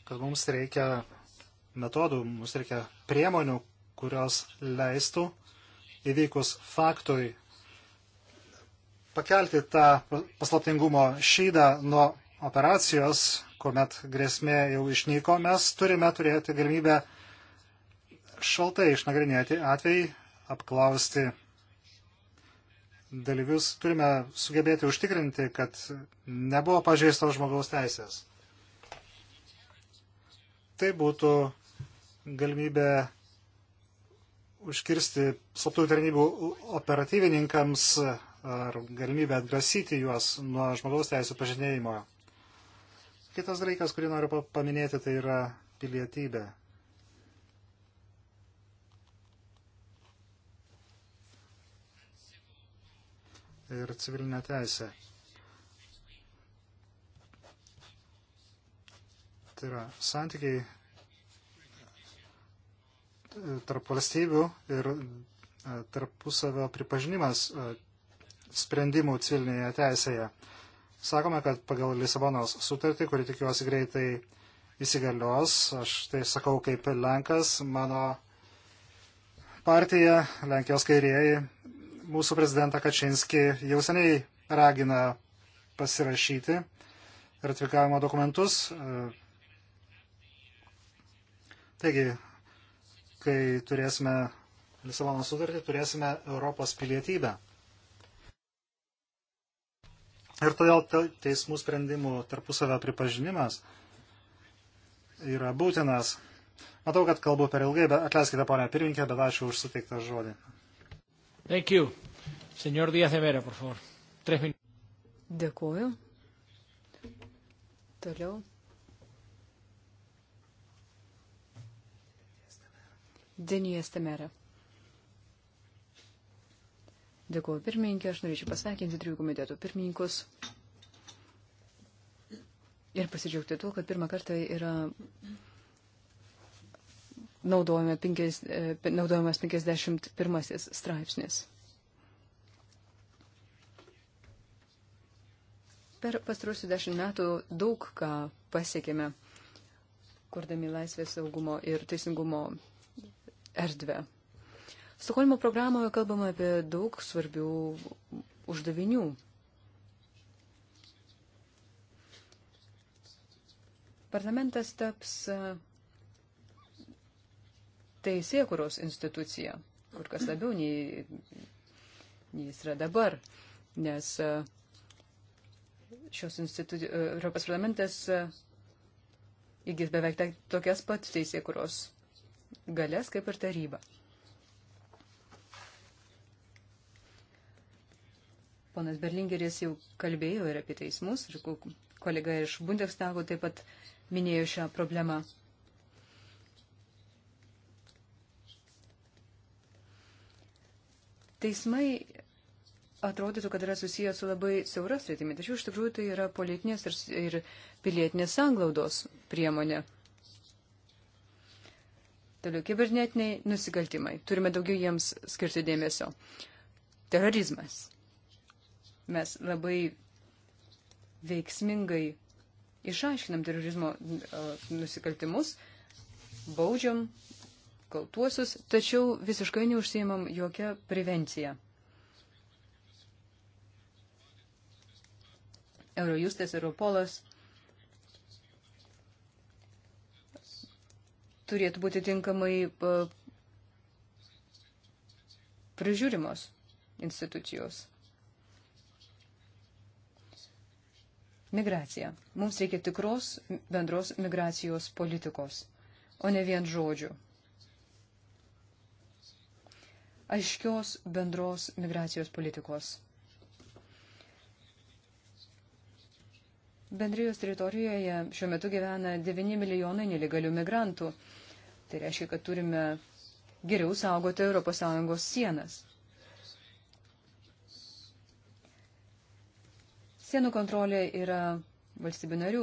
Speaker 3: kad mums reikia metodų, mums reikia priemonių, kurios leistų įvykus faktui pakelti tą paslaptingumo šydą nuo operacijos, kuomet grėsmė jau išnyko, mes turime turėti galimybę šaltai išnagrinėti atvejį, apklausti dalyvius. Turime sugebėti užtikrinti, kad nebuvo pažeistos žmogaus teisės. Tai būtų galimybė užkirsti slaptųjų tarnybų operatyvininkams ar galimybę atgrasyti juos nuo žmogaus teisų pažinėjimo. Kitas dalykas, kurį noriu paminėti, tai yra pilietybė. ir civilinę teisę. Tai yra santykiai e, tarp valstybių ir e, tarpusavio pripažinimas e, sprendimų civilinėje teisėje. Sakome, kad pagal Lisabonos sutartį, kuri tikiuosi greitai įsigalios, aš tai sakau kaip Lenkas, mano partija, Lenkijos kairieji, mūsų prezidentą Kačinskį jau seniai ragina pasirašyti ratifikavimo dokumentus. Taigi, kai turėsime Lisabono sutartį, turėsime Europos pilietybę. Ir todėl teismų sprendimų tarpusavio pripažinimas yra būtinas. Matau, kad kalbu per ilgai, bet atleiskite, ponia pirminkė, bet ačiū už suteiktą žodį. Thank you. Senor Díaz de Vera, por favor. Tres minutos.
Speaker 1: Dėkuoju. Toliau. Denijas Temera. Dėkuoju pirmininkė, aš norėčiau pasveikinti trijų komitetų pirmininkus ir pasidžiaugti tuo, kad pirmą kartą yra naudojama penkias, e, naudojamas 51 straipsnis. Per pastarusius dešimt metų daug ką pasiekėme, kurdami laisvės saugumo ir teisingumo erdvę. Stokholmo programoje kalbama apie daug svarbių uždavinių. Parlamentas taps e, teisėkuros institucija, kur kas labiau nei, nei jis yra dabar, nes e, šios institucijos, e, Europos parlamentas įgis beveik tokias pat teisėkuros galės kaip ir taryba. Ponas Berlingeris jau kalbėjo ir apie teismus, tai ir kolega iš Bundestago taip pat minėjo šią problemą. Teismai atrodytų, kad yra susijęs su labai siauras rytimi, tačiau iš tikrųjų tai yra politinės ir, ir pilietinės sanglaudos priemonė. Toliau kibernetiniai nusikaltimai. Turime daugiau jiems skirti dėmesio. Terorizmas. Mes labai veiksmingai išaiškinam terorizmo nusikaltimus, baudžiam kaltuosius, tačiau visiškai neužsiimam jokią prevenciją. Eurojustas, Europolas turėtų būti tinkamai prižiūrimos institucijos. Migracija. Mums reikia tikros bendros migracijos politikos, o ne vien žodžių. Aiškios bendros migracijos politikos. Bendrijos teritorijoje šiuo metu gyvena 9 milijonai nelegalių migrantų. Tai reiškia, kad turime geriau saugoti ES sienas. Sienų kontrolė yra valstybių narių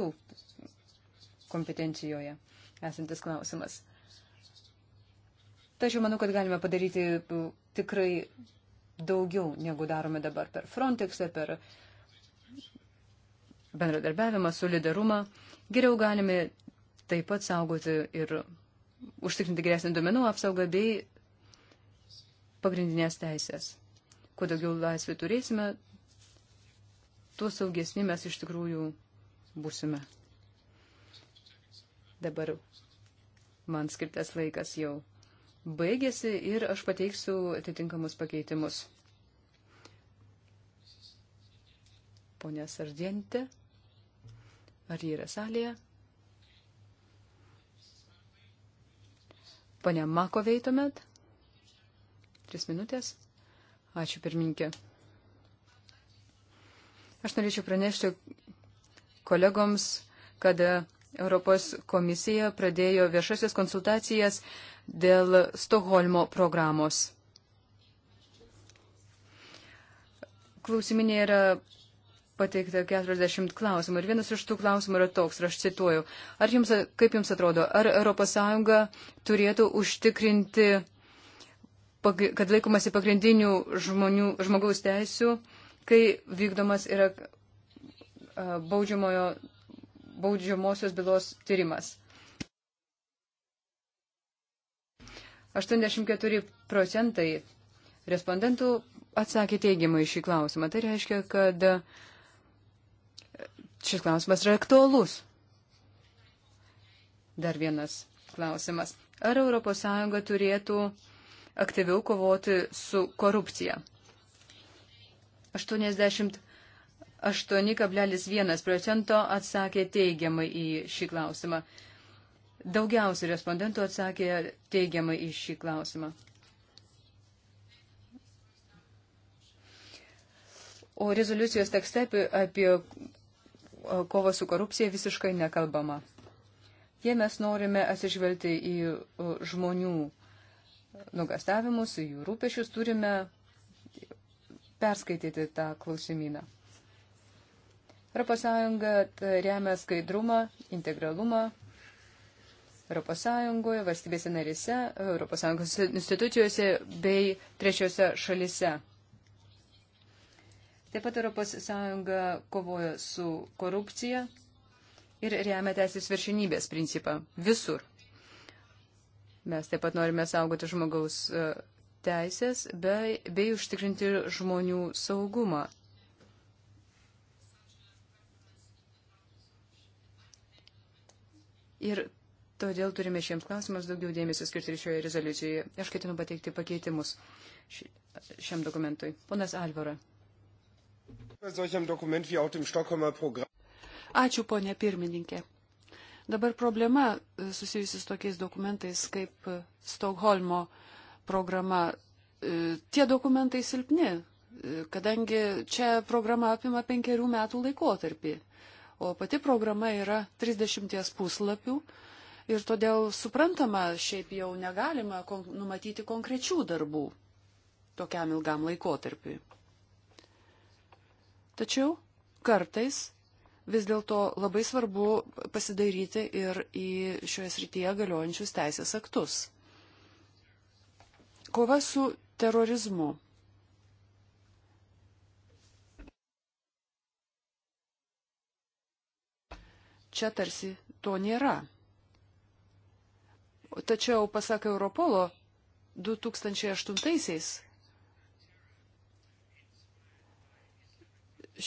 Speaker 1: kompetencijoje esantis klausimas. Tačiau manau, kad galime padaryti uh, tikrai daugiau, negu darome dabar per Frontexą, per bendradarbiavimą, solidarumą. Geriau galime taip pat saugoti ir užtikrinti geresnį duomenų apsaugą bei pagrindinės teisės. Kuo daugiau laisvį turėsime, tuo saugesni mes iš tikrųjų būsime. Dabar man skirtas laikas jau baigėsi ir aš pateiksiu atitinkamus pakeitimus. Pone Sardiente, ar jį yra salėje? Pane Makovei tuomet? Tris minutės. Ačiū pirminkė. Aš norėčiau pranešti kolegoms, kad Europos komisija pradėjo viešasias konsultacijas dėl Stokholmo programos. Klausiminė yra pateikta 40 klausimų ir vienas iš tų klausimų yra toks, ir aš cituoju, ar jums, kaip jums atrodo, ar ES turėtų užtikrinti, kad laikomasi pagrindinių žmonių, žmogaus teisų kai vykdomas yra baudžiamojo, baudžiamosios bylos tyrimas. 84 procentai respondentų atsakė teigiamai šį klausimą. Tai reiškia, kad šis klausimas yra aktuolus. Dar vienas klausimas. Ar ES turėtų aktyviau kovoti su korupcija? 88,1 procento atsakė teigiamai į šį klausimą. Daugiausiai respondentų atsakė teigiamai į šį klausimą. O rezoliucijos tekste apie kovą su korupcija visiškai nekalbama. Jei mes norime atsižvelgti į žmonių nugastavimus, į jų rūpešius, turime perskaityti tą klausimyną. ES tai remia skaidrumą, integralumą. ES, valstybėse narise, ES institucijose bei trečiose šalise. Taip pat ES kovoja su korupcija ir remia teisės viršinybės principą visur. Mes taip pat norime saugoti žmogaus teisės bei, bei užtikrinti žmonių saugumą. Ir todėl turime šiems klausimams daugiau dėmesio skirti šioje rezoliucijoje. Aš ketinu pateikti pakeitimus šiam
Speaker 2: dokumentui. Ponas Alvara. Ačiū, ponė pirmininkė. Dabar problema susijusi su tokiais dokumentais kaip Stokholmo uh, programa, e, tie dokumentai silpni, e, kadangi čia programa apima penkerių metų laikotarpį, o pati programa yra 30 puslapių ir todėl suprantama, šiaip jau negalima kon numatyti konkrečių darbų tokiam ilgam laikotarpiui. Tačiau kartais vis dėlto labai svarbu pasidairyti ir į šioje srityje galiojančius teisės aktus. Kova su terorizmu. Čia tarsi to nėra. Tačiau, pasak Europolo, 2008-aisiais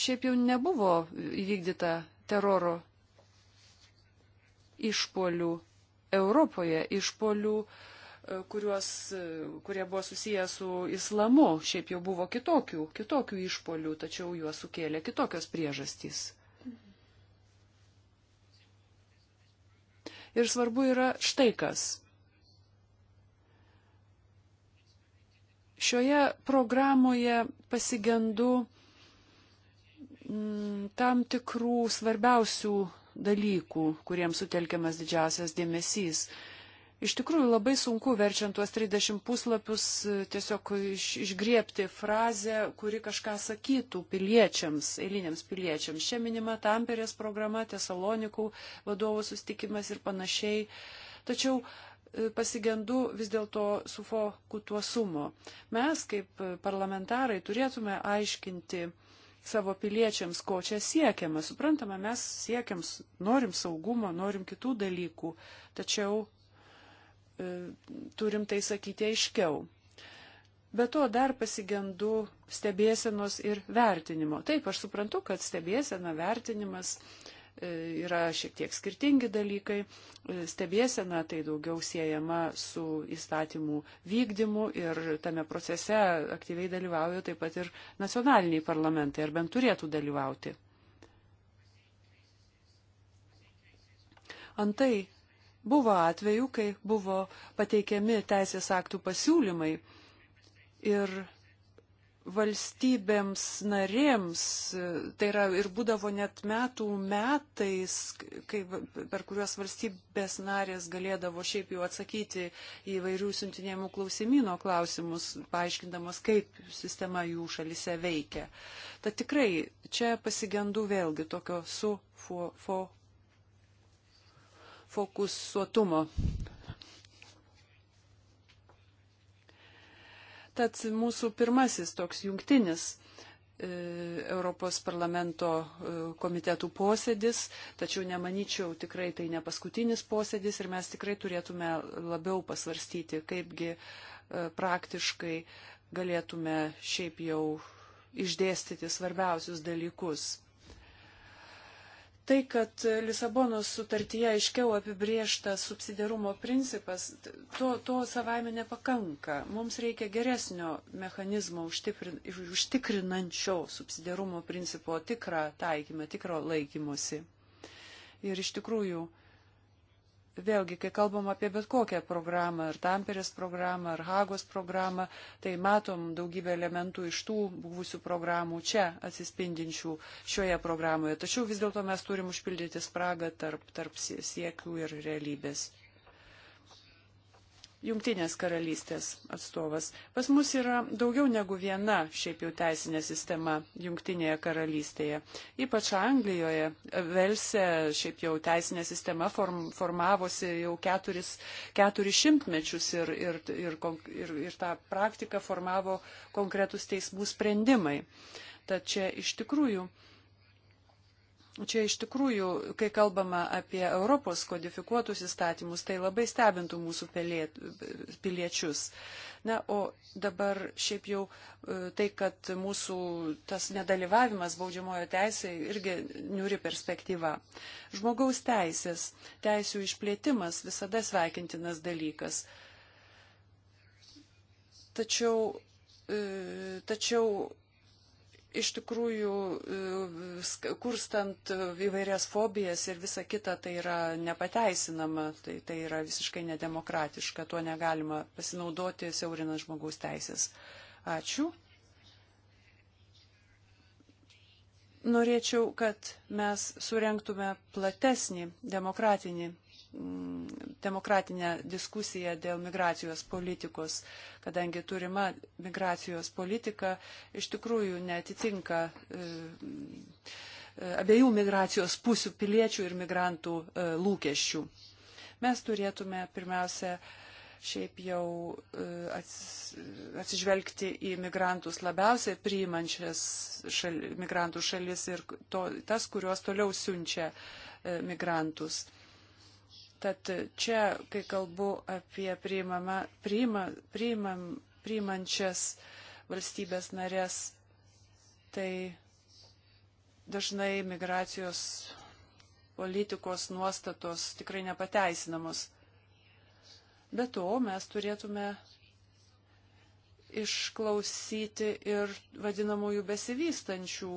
Speaker 2: šiaip jau nebuvo įvykdyta teroro išpolių Europoje, išpolių uh, kuriuos, e, kurie buvo susiję su islamu. Šiaip jau buvo kitokių, kitokių išpolių, tačiau juos sukėlė kitokios priežastys. Ir svarbu yra štai kas. Šioje programoje pasigendu mm, tam tikrų svarbiausių dalykų, kuriems sutelkiamas didžiausias dėmesys. Iš tikrųjų labai sunku verčiant tuos 30 puslapius e, tiesiog iš, išgriepti frazę, kuri kažką sakytų piliečiams, eiliniams piliečiams. Čia minima Tamperės programa, Tesalonikų vadovų sustikimas ir panašiai. Tačiau e, pasigendu vis dėlto sufokutuosumo. Mes kaip e, parlamentarai turėtume aiškinti savo piliečiams, ko čia siekiama. Suprantama, mes siekiam, norim saugumo, norim kitų dalykų, tačiau E, turim tai sakyti aiškiau. Be to dar pasigendu stebėsenos ir vertinimo. Taip, aš suprantu, kad stebėsena, vertinimas e, yra šiek tiek skirtingi dalykai. E, stebėsena tai daugiau siejama su įstatymų vykdymu ir tame procese aktyviai dalyvauja taip pat ir nacionaliniai parlamentai, ar bent turėtų dalyvauti. Antai Buvo atveju, kai buvo pateikiami teisės aktų pasiūlymai ir valstybėms narėms, tai yra ir būdavo net metų metais, kai, per kuriuos valstybės narės galėdavo šiaip jau atsakyti į vairių siuntinėjimų klausimino klausimus, paaiškindamas, kaip sistema jų šalise veikia. Tad tikrai čia pasigendu vėlgi tokio su fo, fo fokusuotumo. Tad mūsų pirmasis toks jungtinis e, Europos parlamento e, komitetų posėdis, tačiau nemanyčiau tikrai tai ne paskutinis posėdis ir mes tikrai turėtume labiau pasvarstyti, kaipgi e, praktiškai galėtume šiaip jau išdėstyti svarbiausius dalykus tai, kad Lisabonos sutartyje aiškiau apibrieštas subsidiarumo principas, to, to savaime nepakanka. Mums reikia geresnio mechanizmo užtikrin, užtikrinančio subsidiarumo principo tikrą taikymą, tikro laikymosi. Ir iš tikrųjų, vėlgi, kai kalbam apie bet kokią programą, ar Tamperės programą, ar Hagos programą, tai matom daugybę elementų iš tų buvusių programų čia atsispindinčių šioje programoje. Tačiau vis dėlto mes turim užpildyti spragą tarp, tarp siekių ir realybės. Jungtinės karalystės atstovas. Pas mus yra daugiau negu viena šiaip jau teisinė sistema Jungtinėje karalystėje. Ypač Anglijoje, Velse šiaip jau teisinė sistema form, formavosi jau keturis, keturis šimtmečius ir, ir, ir, ir, ir tą praktiką formavo konkretus teismų sprendimai. Tad čia iš tikrųjų čia iš tikrųjų, kai kalbama apie Europos kodifikuotus įstatymus, tai labai stebintų mūsų piliečius. Na, o dabar šiaip jau e, tai, kad mūsų tas nedalyvavimas baudžiamojo teisėje irgi niuri perspektyva. Žmogaus teisės, teisų išplėtimas visada sveikintinas dalykas. Tačiau, e, tačiau iš tikrųjų, e, kurstant įvairias fobijas ir visa kita, tai yra nepateisinama, tai, tai yra visiškai nedemokratiška, tuo negalima pasinaudoti siaurinant žmogaus teisės. Ačiū. Norėčiau, kad mes surenktume platesnį demokratinį Mm, demokratinę diskusiją dėl migracijos politikos, kadangi turima migracijos politika iš tikrųjų netitinka e, e, abiejų migracijos pusių piliečių ir migrantų e, lūkesčių. Mes turėtume pirmiausia šiaip jau atsižvelgti į migrantus labiausiai priimančias šal, migrantų šalis ir to, tas, kurios toliau siunčia migrantus. Tad čia, kai kalbu apie priimama, priima, priimam, priimančias valstybės narės, tai dažnai migracijos politikos nuostatos tikrai nepateisinamos. Be to, mes turėtume išklausyti ir vadinamųjų besivystančių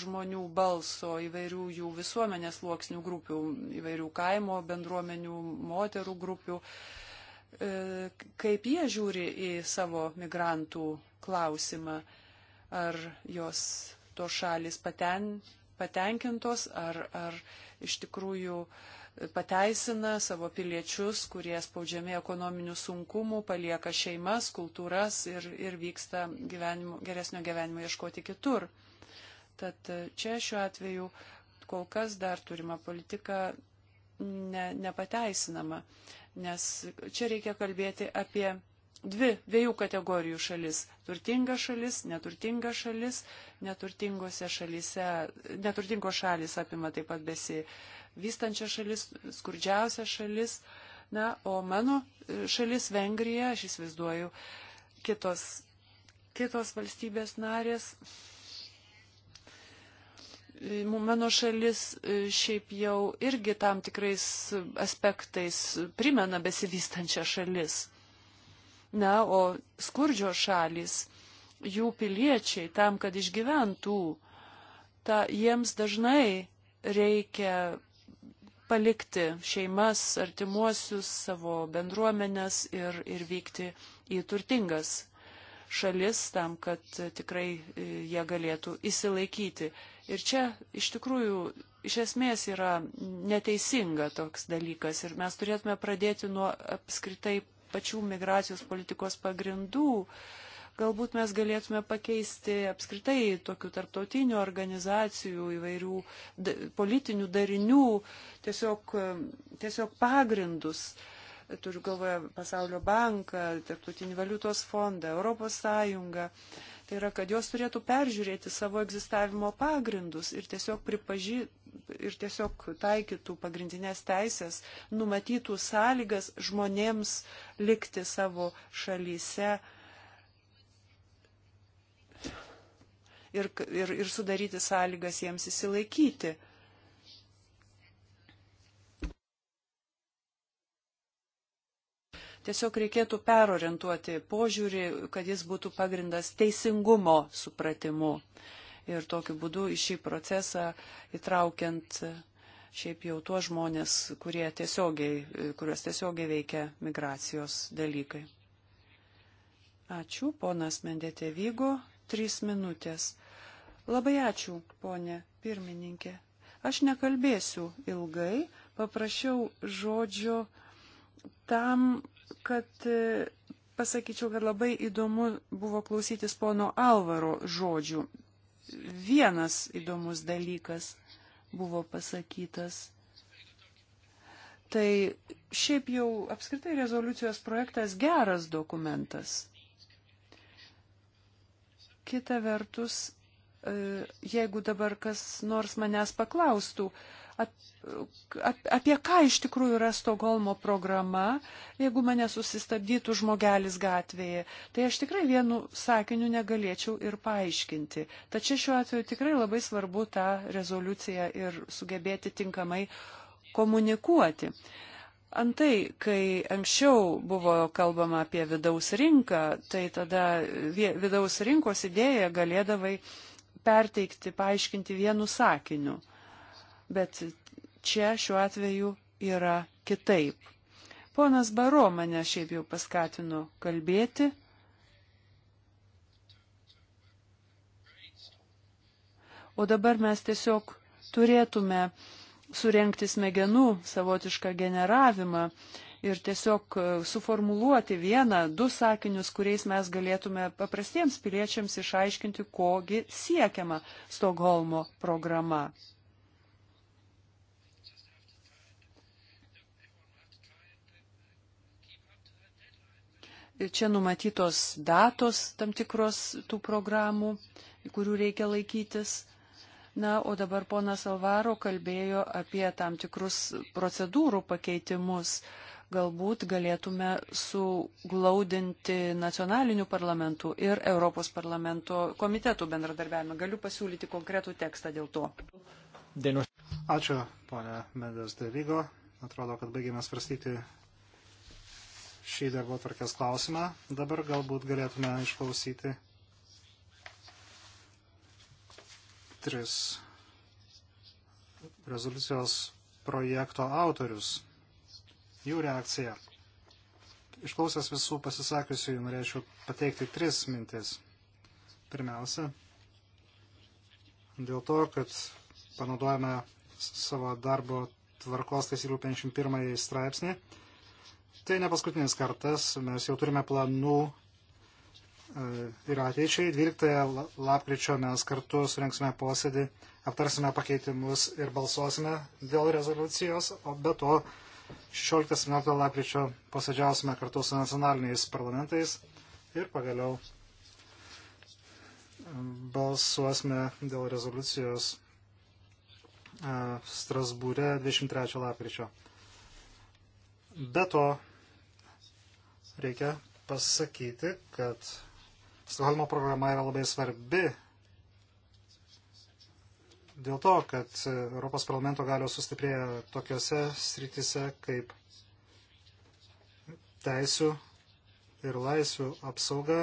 Speaker 2: žmonių balso, įvairių jų visuomenės sluoksnių grupių, įvairių kaimo bendruomenių, moterų grupių, e, kaip jie žiūri į savo migrantų klausimą, ar jos to šalis paten, patenkintos, ar, ar iš tikrųjų uh, pateisina savo piliečius, kurie spaudžiami ekonominių sunkumų, palieka šeimas, kultūras ir, ir vyksta gyvenimo, geresnio gyvenimo ieškoti kitur. Tad e, čia šiuo atveju kol kas dar turima politika ne, nepateisinama, nes čia reikia kalbėti apie dvi, dviejų kategorijų šalis - turtinga šalis, neturtinga šalis, neturtingose šalyse, neturtingos šalis apima taip pat besi vystančias šalis, skurdžiausias šalis. Na, o mano šalis Vengrija, aš įsivaizduoju, kitos, kitos valstybės narės. Mano šalis e, šiaip jau irgi tam tikrais aspektais primena besivystančią šalis. Na, o skurdžio šalis, jų piliečiai tam, kad išgyventų, ta, jiems dažnai reikia palikti šeimas, artimuosius, savo bendruomenės ir, ir vykti į turtingas šalis tam, kad tikrai e, jie galėtų įsilaikyti. Ir čia iš tikrųjų iš esmės yra neteisinga toks dalykas ir mes turėtume pradėti nuo apskritai pačių migracijos politikos pagrindų. Uh, Galbūt mes galėtume pakeisti apskritai tokių tarptautinių organizacijų, įvairių da, politinių darinių, tiesiog, tiesiog pagrindus turiu galvoje Pasaulio banką, Tarptautinį valiutos fondą, Europos sąjungą. Tai yra, kad jos turėtų peržiūrėti savo egzistavimo pagrindus ir tiesiog, pripaži, ir tiesiog taikytų pagrindinės teisės, numatytų sąlygas žmonėms likti savo šalyse ir, ir, ir sudaryti sąlygas jiems įsilaikyti. Tiesiog reikėtų perorientuoti požiūrį, kad jis būtų pagrindas teisingumo supratimu. Ir tokiu būdu į šį procesą įtraukiant šiaip jau tuos žmonės, kurie tiesiogiai, kuriuos tiesiogiai veikia migracijos dalykai. Ačiū, ponas Mendėtė Vygo, trys minutės. Labai ačiū, ponė pirmininkė. Aš nekalbėsiu ilgai, paprašiau žodžio tam, kad e, pasakyčiau, kad labai įdomu buvo klausytis pono Alvaro žodžių. Vienas įdomus dalykas buvo pasakytas. Tai šiaip jau apskritai rezoliucijos projektas geras dokumentas. Kita vertus, e, jeigu dabar kas nors manęs paklaustų, ap, ap, apie ką iš tikrųjų yra Stokholmo programa, jeigu mane susistabdytų žmogelis gatvėje, tai aš tikrai vienu sakiniu negalėčiau ir paaiškinti. Tačiau šiuo atveju tikrai labai svarbu tą rezoliuciją ir sugebėti tinkamai komunikuoti. Uh, Antai, kai anksčiau buvo kalbama apie vidaus rinką, tai tada vidaus rinkos idėją galėdavai perteikti, paaiškinti vienu sakiniu. Bet čia šiuo atveju yra kitaip. Ponas Baro mane šiaip jau paskatino kalbėti. O dabar mes tiesiog turėtume uh, surenkti smegenų savotišką generavimą ir tiesiog e, suformuluoti vieną, du sakinius, kuriais mes galėtume paprastiems piliečiams išaiškinti, kogi siekiama Stokholmo programa. Ir čia numatytos datos tam tikros tų programų, kurių reikia laikytis. Na, o dabar ponas Alvaro kalbėjo apie tam tikrus procedūrų pakeitimus. Galbūt galėtume suglaudinti nacionalinių parlamentų ir Europos parlamento komitetų bendradarbiavimą. Galiu pasiūlyti konkretų tekstą dėl to.
Speaker 3: Dėliu. Ačiū, ponė Mendes Devigo. Atrodo, kad baigėme svarstyti šį darbo tvarkės klausimą. Dabar galbūt galėtume išklausyti tris rezoliucijos projekto autorius. Jų reakcija. Išklausęs visų pasisakiusių, norėčiau pateikti tris mintis. Pirmiausia, dėl to, kad panaudojame savo darbo tvarkos taisyklių 51 straipsnį. Tai ne paskutinis kartas, mes jau turime planų ir ateičiai. 12 lapkričio mes kartu surinksime posėdį, aptarsime pakeitimus ir balsuosime dėl rezoliucijos, o be to 16-17 lapkričio posėdžiausime kartu su nacionaliniais parlamentais ir pagaliau balsuosime dėl rezoliucijos e, Strasbūre 23 lapkričio. Be to, reikia pasakyti, kad Stokholmo programa yra labai svarbi dėl to, kad Europos parlamento galios sustiprėja tokiuose srityse kaip teisų ir laisvių apsauga,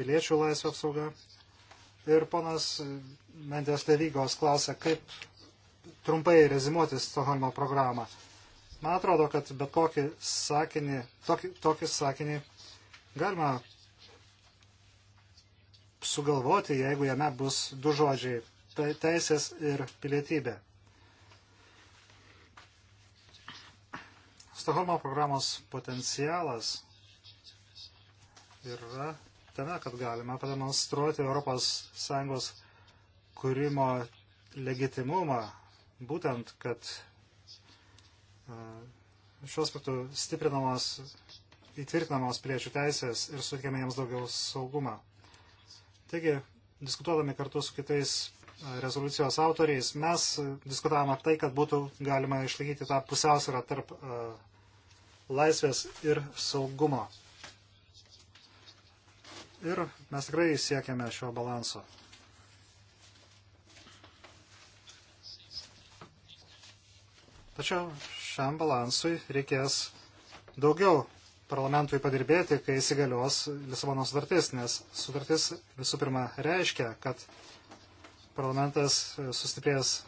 Speaker 3: piliečių laisvių apsauga. Ir ponas Mendės Levygos klausia, kaip trumpai rezimuoti Stoholmo programą. Man atrodo, kad bet kokį sakinį, tokį, tokį sakinį galima sugalvoti, jeigu jame bus du žodžiai - teisės ir pilietybė. Stokholmo programos potencialas yra tame, kad galime pademonstruoti ES kūrimo legitimumą, būtent, kad e, šiuo aspektu stiprinamos, įtvirtinamos priečių teisės ir suteikiame jiems daugiau saugumą. Taigi, diskutuodami kartu su kitais e, rezoliucijos autoriais, mes diskutavome tai, kad būtų galima išlaikyti tą pusiausvyrą tarp e, laisvės ir saugumo. Ir mes tikrai siekiame šio balanso. Tačiau šiam balansui reikės daugiau parlamentui padirbėti, kai įsigalios Lisabono sutartis, nes sutartis visų pirma reiškia, kad parlamentas e, sustiprės e,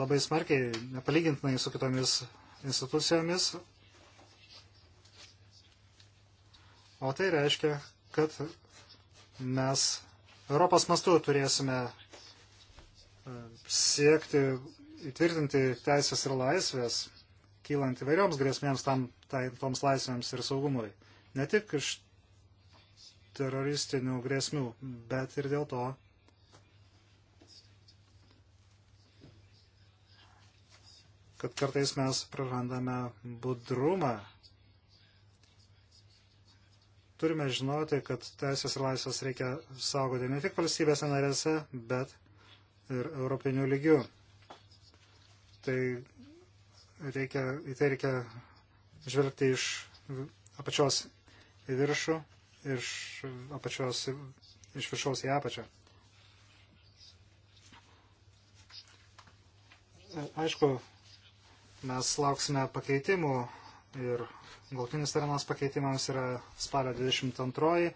Speaker 3: labai smarkiai, nepalygintinai su kitomis institucijomis. O tai reiškia, kad mes Europos mastu turėsime e, siekti įtvirtinti teisės ir laisvės kylant įvairioms grėsmėms tam, tai, toms laisvėms ir saugumui. Ne tik iš teroristinių grėsmių, bet ir dėl to, kad kartais mes prarandame budrumą. Turime žinoti, kad teisės ir laisvės reikia saugoti ne tik valstybėse narėse, bet ir europinių lygių. Tai reikia, į tai reikia žvelgti iš apačios į viršų, iš apačios, iš viršaus į apačią. E, aišku, mes lauksime pakeitimų ir galtinis terminas pakeitimams yra spalio 22.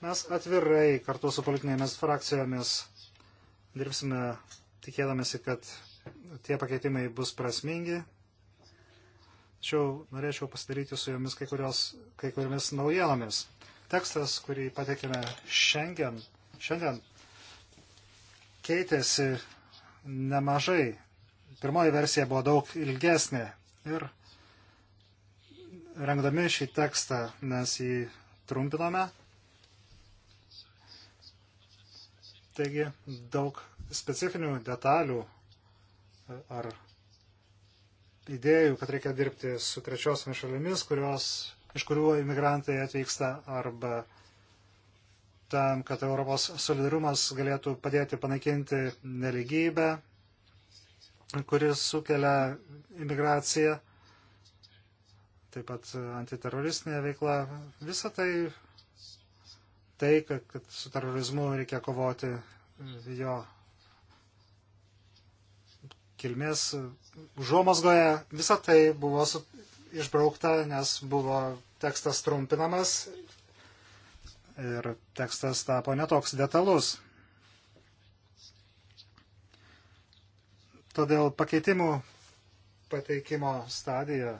Speaker 3: Mes atvirai kartu su politinėmis frakcijomis dirbsime tikėdamėsi, kad tie pakeitimai bus prasmingi. Tačiau norėčiau pasidaryti su jomis kai, kurios, kai kuriomis naujienomis. Tekstas, kurį patekėme šiandien, šiandien keitėsi nemažai. Pirmoji versija buvo daug ilgesnė ir rengdami šį tekstą mes jį trumpinome. Taigi daug specifinių detalių ar idėjų, kad reikia dirbti su trečiosiomis šalimis, kurios, iš kurių imigrantai atvyksta arba tam, kad Europos solidarumas galėtų padėti panaikinti neligybę, kuris sukelia imigraciją, taip pat antiteroristinė veikla. Visą tai tai, kad su terorizmu reikia kovoti jo kilmės užuomasgoje. Visa tai buvo su, išbraukta, nes buvo tekstas trumpinamas ir tekstas tapo netoks detalus. Todėl pakeitimų pateikimo stadija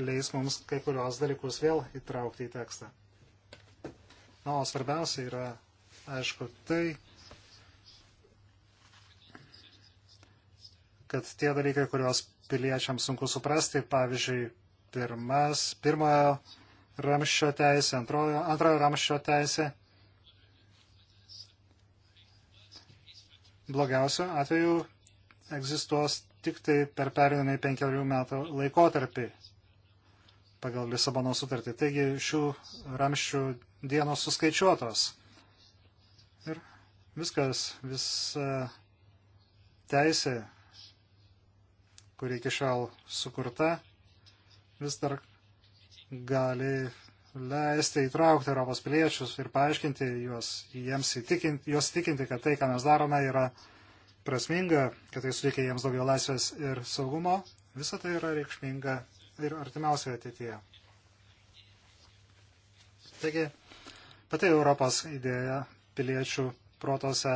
Speaker 3: leis mums kai kurios dalykus vėl įtraukti į tekstą. Na, o svarbiausia yra, aišku, tai, kad tie dalykai, kuriuos piliečiams sunku suprasti, pavyzdžiui, pirmas, pirmojo ramščio teisė, antrojo, antrojo ramščio teisė, blogiausiu atveju egzistuos tik tai per perinamį penkerių metų laikotarpį pagal Lisabono sutartį. Taigi šių ramščių dienos suskaičiuotos. Ir viskas, visa teisė kuri iki šiol sukurta, vis dar gali leisti įtraukti Europos piliečius ir paaiškinti juos, jiems įtikinti, juos įtikinti, kad tai, ką mes darome, yra prasminga, kad tai suteikia jiems daugiau laisvės ir saugumo. Visą tai yra reikšminga ir artimiausioje ateityje. Taigi, pati Europos idėja piliečių protose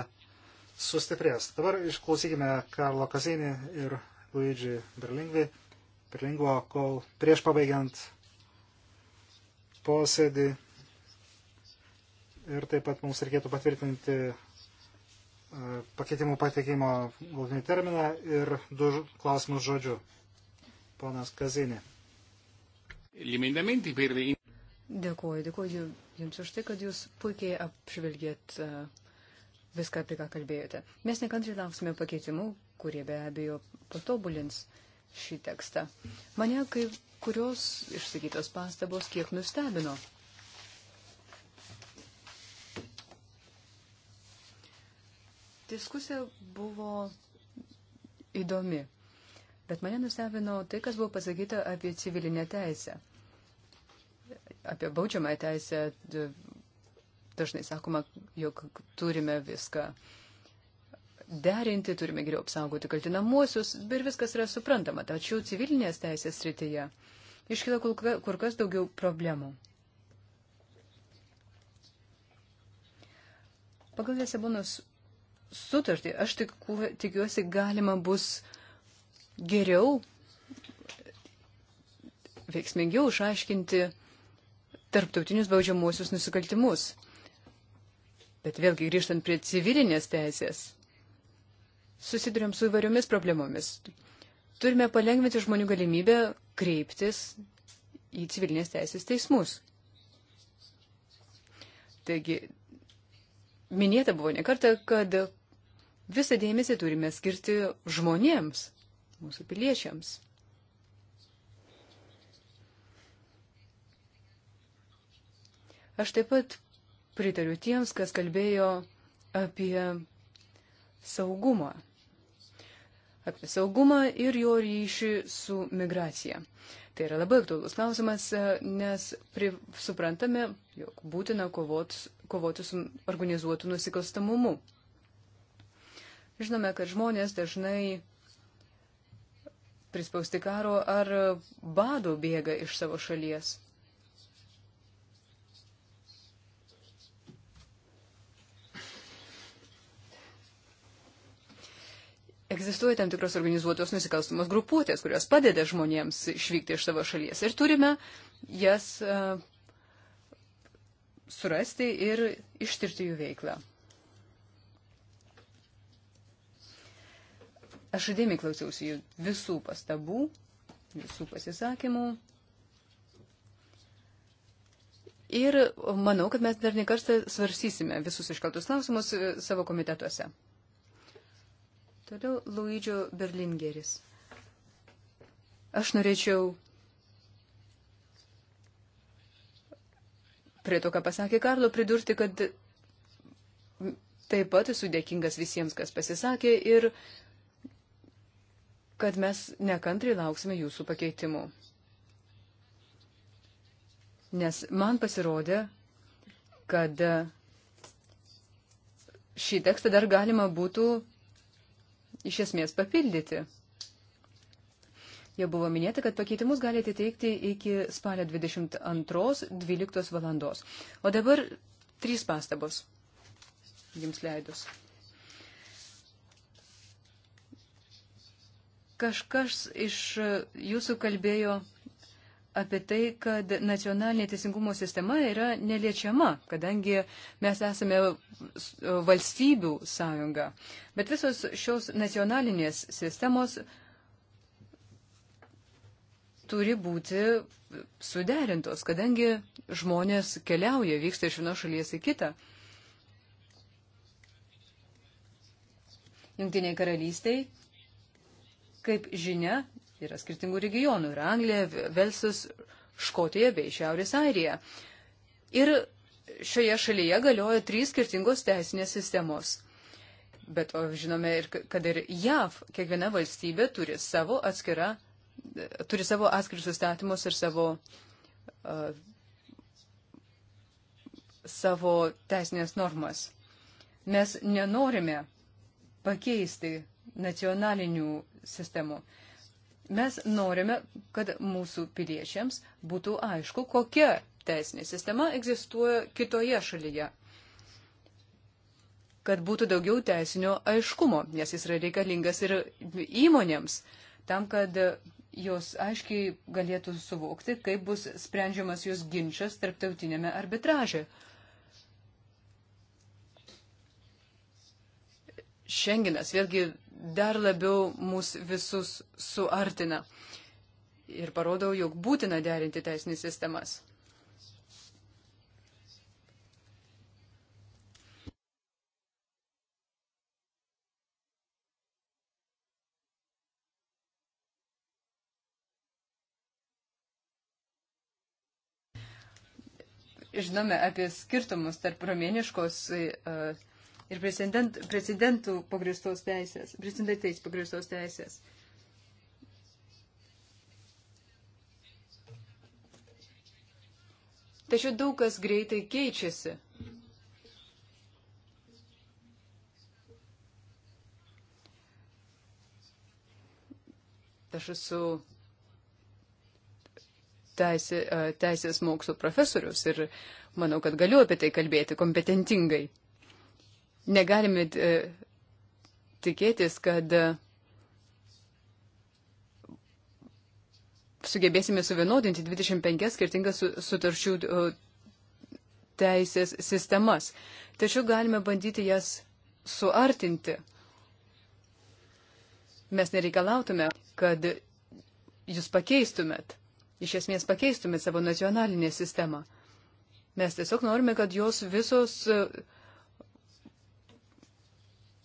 Speaker 3: sustiprės. Dabar išklausykime Karlo Kazinį ir Luigi Berlingvi, Berlingo, kol prieš pabaigiant posėdį. Ir taip pat mums reikėtų patvirtinti e, pakeitimų pateikimo galutinį terminą ir du klausimus žodžiu. Ponas Kazinė.
Speaker 1: Dėkuoju, dėkuoju Jums už tai, kad Jūs puikiai apžvelgėt uh, viską, apie ką kalbėjote. Mes nekantriai lauksime pakeitimų, kurie be abejo patobulins šį tekstą. Mane kai kurios išsakytos pastabos kiek nustebino. Diskusija buvo įdomi, bet mane nustebino tai, kas buvo pasakyta apie civilinę teisę, apie baudžiamąją teisę Dažnai sakoma, jog turime viską derinti, turime geriau apsaugoti kaltinamuosius ir viskas yra suprantama. Tačiau civilinės teisės srityje iškyla kur kas daugiau problemų. Pagal Lisabonos sutartį, aš tik, tikiuosi, galima bus geriau, veiksmingiau išaiškinti tarptautinius baudžiamuosius nusikaltimus. Bet vėlgi grįžtant prie civilinės teisės, susidurėm su įvairiomis problemomis. Turime palengvinti žmonių galimybę kreiptis į civilinės teisės teismus. Taigi, minėta buvo nekarta, kad visą dėmesį turime skirti žmonėms, mūsų piliečiams. Aš taip pat pritariu tiems, kas kalbėjo apie saugumą. Apie saugumą ir jo ryšį su migracija. Tai yra labai aktuolus klausimas, nes pri, suprantame, jog būtina kovot, kovoti su organizuotu nusikalstamumu. Žinome, kad žmonės dažnai prispausti karo ar bado bėga iš savo šalies. egzistuoja tam tikros organizuotos nusikalstamos grupuotės, kurios padeda žmonėms išvykti iš savo šalies. Ir turime jas uh, surasti ir ištirti jų veiklą. Aš įdėmiai klausiausi jų visų pastabų, visų pasisakymų. Ir manau, kad mes dar nekartą svarsysime visus iškaltus klausimus e, savo komitetuose. Toliau Luidžio Berlingeris. Aš norėčiau prie to, ką pasakė Karlo, pridurti, kad taip pat esu dėkingas visiems, kas pasisakė ir kad mes nekantriai lauksime jūsų pakeitimų. Nes man pasirodė, kad šį tekstą dar galima būtų iš esmės papildyti. Jau buvo minėta, kad pakeitimus galite teikti iki spalio 22.12 valandos. O dabar trys pastabos jums leidus. Kažkas iš jūsų kalbėjo apie tai, kad nacionalinė teisingumo sistema yra neliečiama, kadangi mes esame valstybių sąjunga. Bet visos šios nacionalinės sistemos turi būti suderintos, kadangi žmonės keliauja, vyksta iš vienos šalies į kitą. Junktiniai karalystiai, kaip žinia, Yra skirtingų regionų. Yra Anglija, Velsas, Škotija bei Šiaurės Airija. Ir šioje šalyje galioja trys skirtingos teisinės sistemos. Bet o žinome ir, kad ir JAV kiekviena valstybė turi savo, atskira, turi savo atskirius įstatymus ir savo, uh, savo teisinės normas. Mes nenorime pakeisti nacionalinių sistemų. Uh, Mes norime, kad mūsų piliečiams būtų aišku, kokia teisinė sistema egzistuoja kitoje šalyje. Kad būtų daugiau teisinio aiškumo, nes jis yra reikalingas ir įmonėms, tam, kad jos aiškiai galėtų suvokti, kaip bus sprendžiamas jos ginčas tarptautinėme arbitraže. Šenginas vėlgi dar labiau mus visus suartina ir parodau, jog būtina derinti teisinės sistemas. Žinome apie skirtumus tarp romėniškos uh, ir precedentų pagristos teisės, precedentais pagristos teisės. Tačiau daug kas greitai keičiasi. Aš esu teisė, teisės mokslo profesorius ir manau, kad galiu apie tai kalbėti kompetentingai negalime e, tikėtis, kad e, sugebėsime suvienodinti 25 skirtingas sutarčių teisės sistemas. Tačiau galime bandyti jas suartinti. Mes nereikalautume, kad jūs pakeistumėt, iš esmės pakeistumėt savo nacionalinę sistemą. Mes tiesiog norime, kad jos visos uh,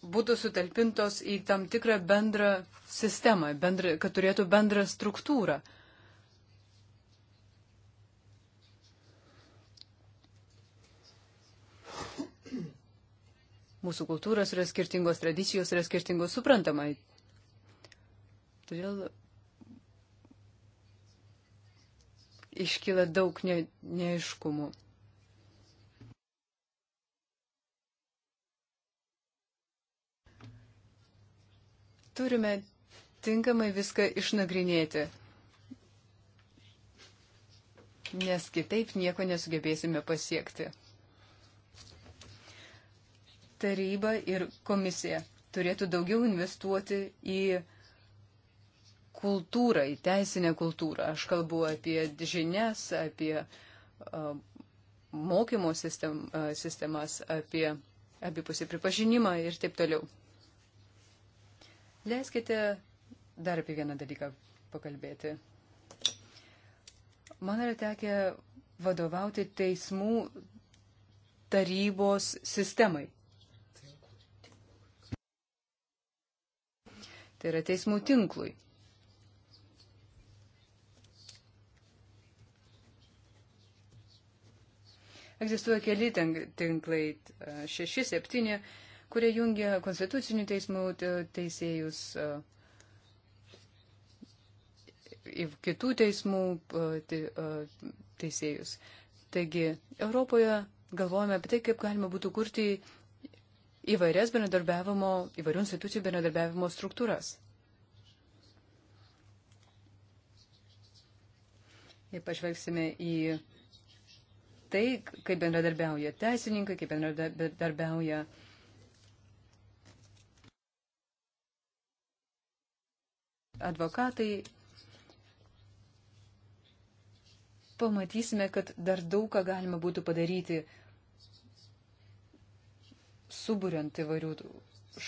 Speaker 1: būtų sutalpintos į tam tikrą bendrą sistemą, bendrą, kad turėtų bendrą struktūrą. Mūsų kultūros yra skirtingos, tradicijos yra skirtingos, suprantamai. Todėl iškyla daug ne, neaiškumų. turime tinkamai viską išnagrinėti, nes kitaip nieko nesugebėsime pasiekti. Taryba ir komisija turėtų daugiau investuoti į kultūrą, į teisinę kultūrą. Aš kalbu apie žinias, apie uh, mokymo sistem, uh, sistemas, apie abipusį pripažinimą ir taip toliau. Leiskite dar apie vieną dalyką pakalbėti. Man yra tekę vadovauti teismų tarybos sistemai. Tai yra teismų tinklui. Egzistuoja keli tinklai - šeši, septyni kurie jungia konstitucinių teismų teisėjus, e, kitų teismų e, e, teisėjus. Taigi Europoje galvojame apie tai, kaip galima būtų kurti įvairias bendradarbiavimo, įvairių institucijų bendradarbiavimo struktūras. Jei pažvelgsime į tai, kaip bendradarbiauja teisininkai, kaip bendradarbiauja uh, advokatai, pamatysime, kad dar daug ką galima būtų padaryti, suburiant įvairių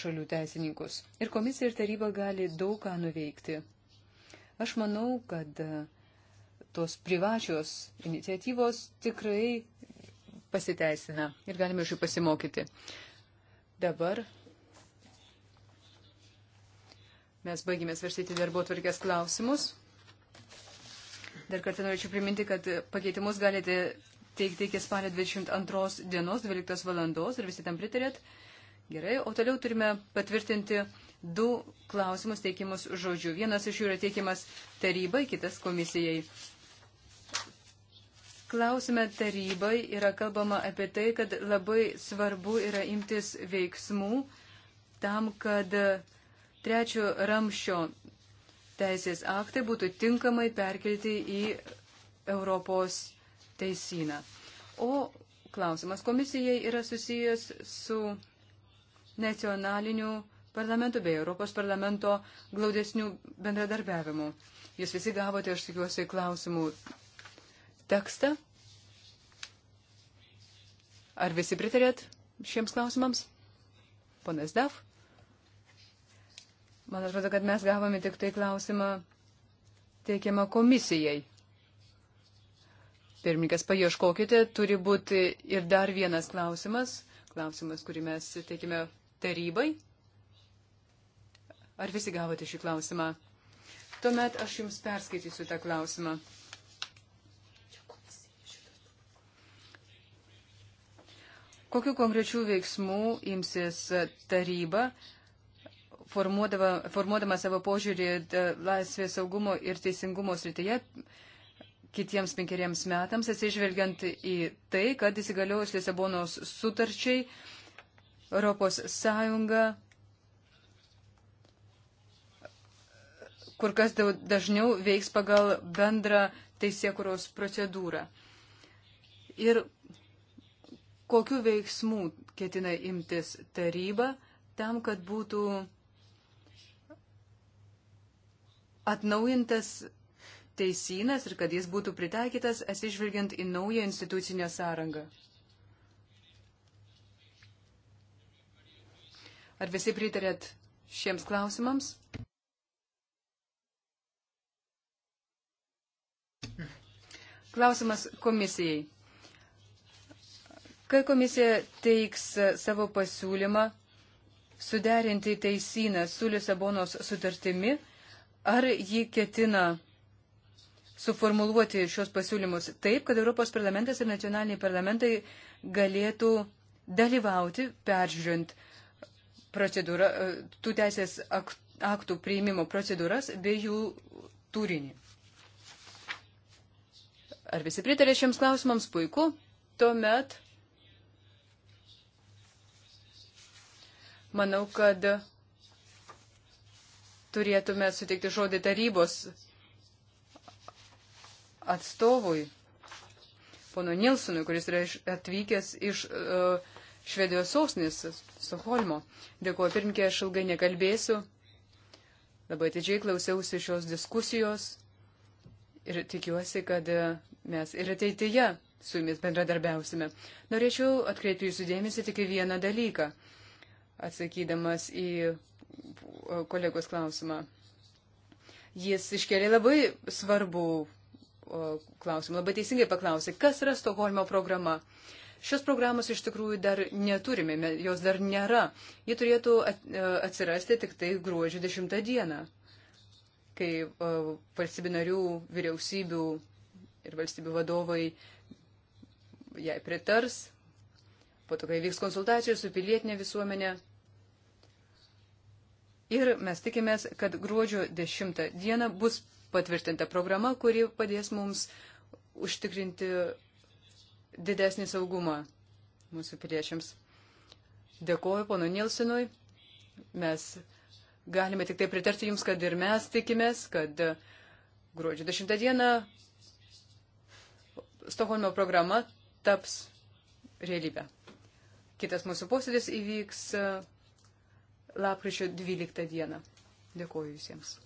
Speaker 1: šalių teisininkus. Ir komisija ir taryba gali daug ką nuveikti. Aš manau, kad e, tos privačios iniciatyvos tikrai pasiteisina ir galime iš jų pasimokyti. Dabar Mes baigėme svarstyti darbo tvarkės klausimus. Dar kartą norėčiau priminti, kad pakeitimus galite teikti iki spalio 22 dienos 12 valandos ir visi tam pritarėt. Gerai, o toliau turime patvirtinti du klausimus teikimus žodžiu. Vienas iš jų yra teikimas tarybai, kitas komisijai. Klausime tarybai yra kalbama apie tai, kad labai svarbu yra imtis veiksmų tam, kad uh, trečio ramščio teisės aktai būtų tinkamai perkelti į Europos teisyną. O klausimas komisijai yra susijęs su nacionaliniu parlamentu bei Europos parlamento glaudesnių bendradarbiavimų. Jūs visi gavote, aš tikiuosi, klausimų tekstą. Ar visi pritarėt šiems klausimams? Ponas Daf? Man atrodo, kad mes gavome tik tai klausimą teikiamą komisijai. Pirmininkas, paieškokite, turi būti ir dar vienas klausimas, klausimas, kurį mes teikime tarybai. Ar visi gavote šį klausimą? Tuomet aš jums perskaitysiu tą klausimą. Kokiu konkrečiu veiksmu imsis taryba, formuodama, formuodama savo požiūrį e, laisvės saugumo ir teisingumo srityje kitiems penkeriems metams, atsižvelgiant į tai, kad įsigaliojus Lisabonos sutarčiai Europos Sąjunga kur kas dažniau veiks pagal bendrą teisėkuros procedūrą. Ir kokiu veiksmu ketina imtis taryba tam, kad būtų atnaujintas teisynas ir kad jis būtų pritaikytas atsižvelgiant į naują institucinę sąrangą. Ar visi pritarėt šiems klausimams? Klausimas komisijai. Kai komisija teiks savo pasiūlymą suderinti teisyną su Lisabonos sutartimi, Ar ji ketina suformuluoti šios pasiūlymus taip, kad Europos parlamentas ir nacionaliniai parlamentai galėtų dalyvauti peržiūrint procedūrą, e, tų teisės aktų priimimo procedūras bei jų turinį. Ar visi pritarė šiems klausimams? Puiku. Tuomet manau, kad turėtume suteikti žodį tarybos atstovui, pono Nilsonui, kuris yra atvykęs iš uh, Švedijos sausnis, Stokholmo. Dėkuoju, pirmkė, aš ilgai nekalbėsiu. Labai atidžiai klausiausi šios diskusijos ir tikiuosi, kad e, mes ir ateityje su jumis bendradarbiausime. Norėčiau atkreipti jūsų dėmesį tik į vieną dalyką. Atsakydamas į kolegos klausimą. Jis iškėlė labai svarbų klausimą, labai teisingai paklausė, kas yra Stokholmo programa. Šios programos iš tikrųjų dar neturime, jos dar nėra. Ji turėtų e, atsirasti tik tai gruodžio 10 dieną, kai valstybinarių vyriausybių ir valstybių vadovai jai pritars, po to, kai vyks konsultacijos su pilietinė visuomenė ir mes tikimės, kad gruodžio 10 dieną bus patvirtinta programa, kuri padės mums užtikrinti didesnį saugumą mūsų piliečiams. Dėkoju pono Nilsinui. Mes galime tik tai pritarti jums, kad ir mes tikimės, kad gruodžio 10 dieną Stokholmo programa taps realybę. Kitas mūsų posėdis įvyks lapkričio 12 dieną. Dėkuoju visiems.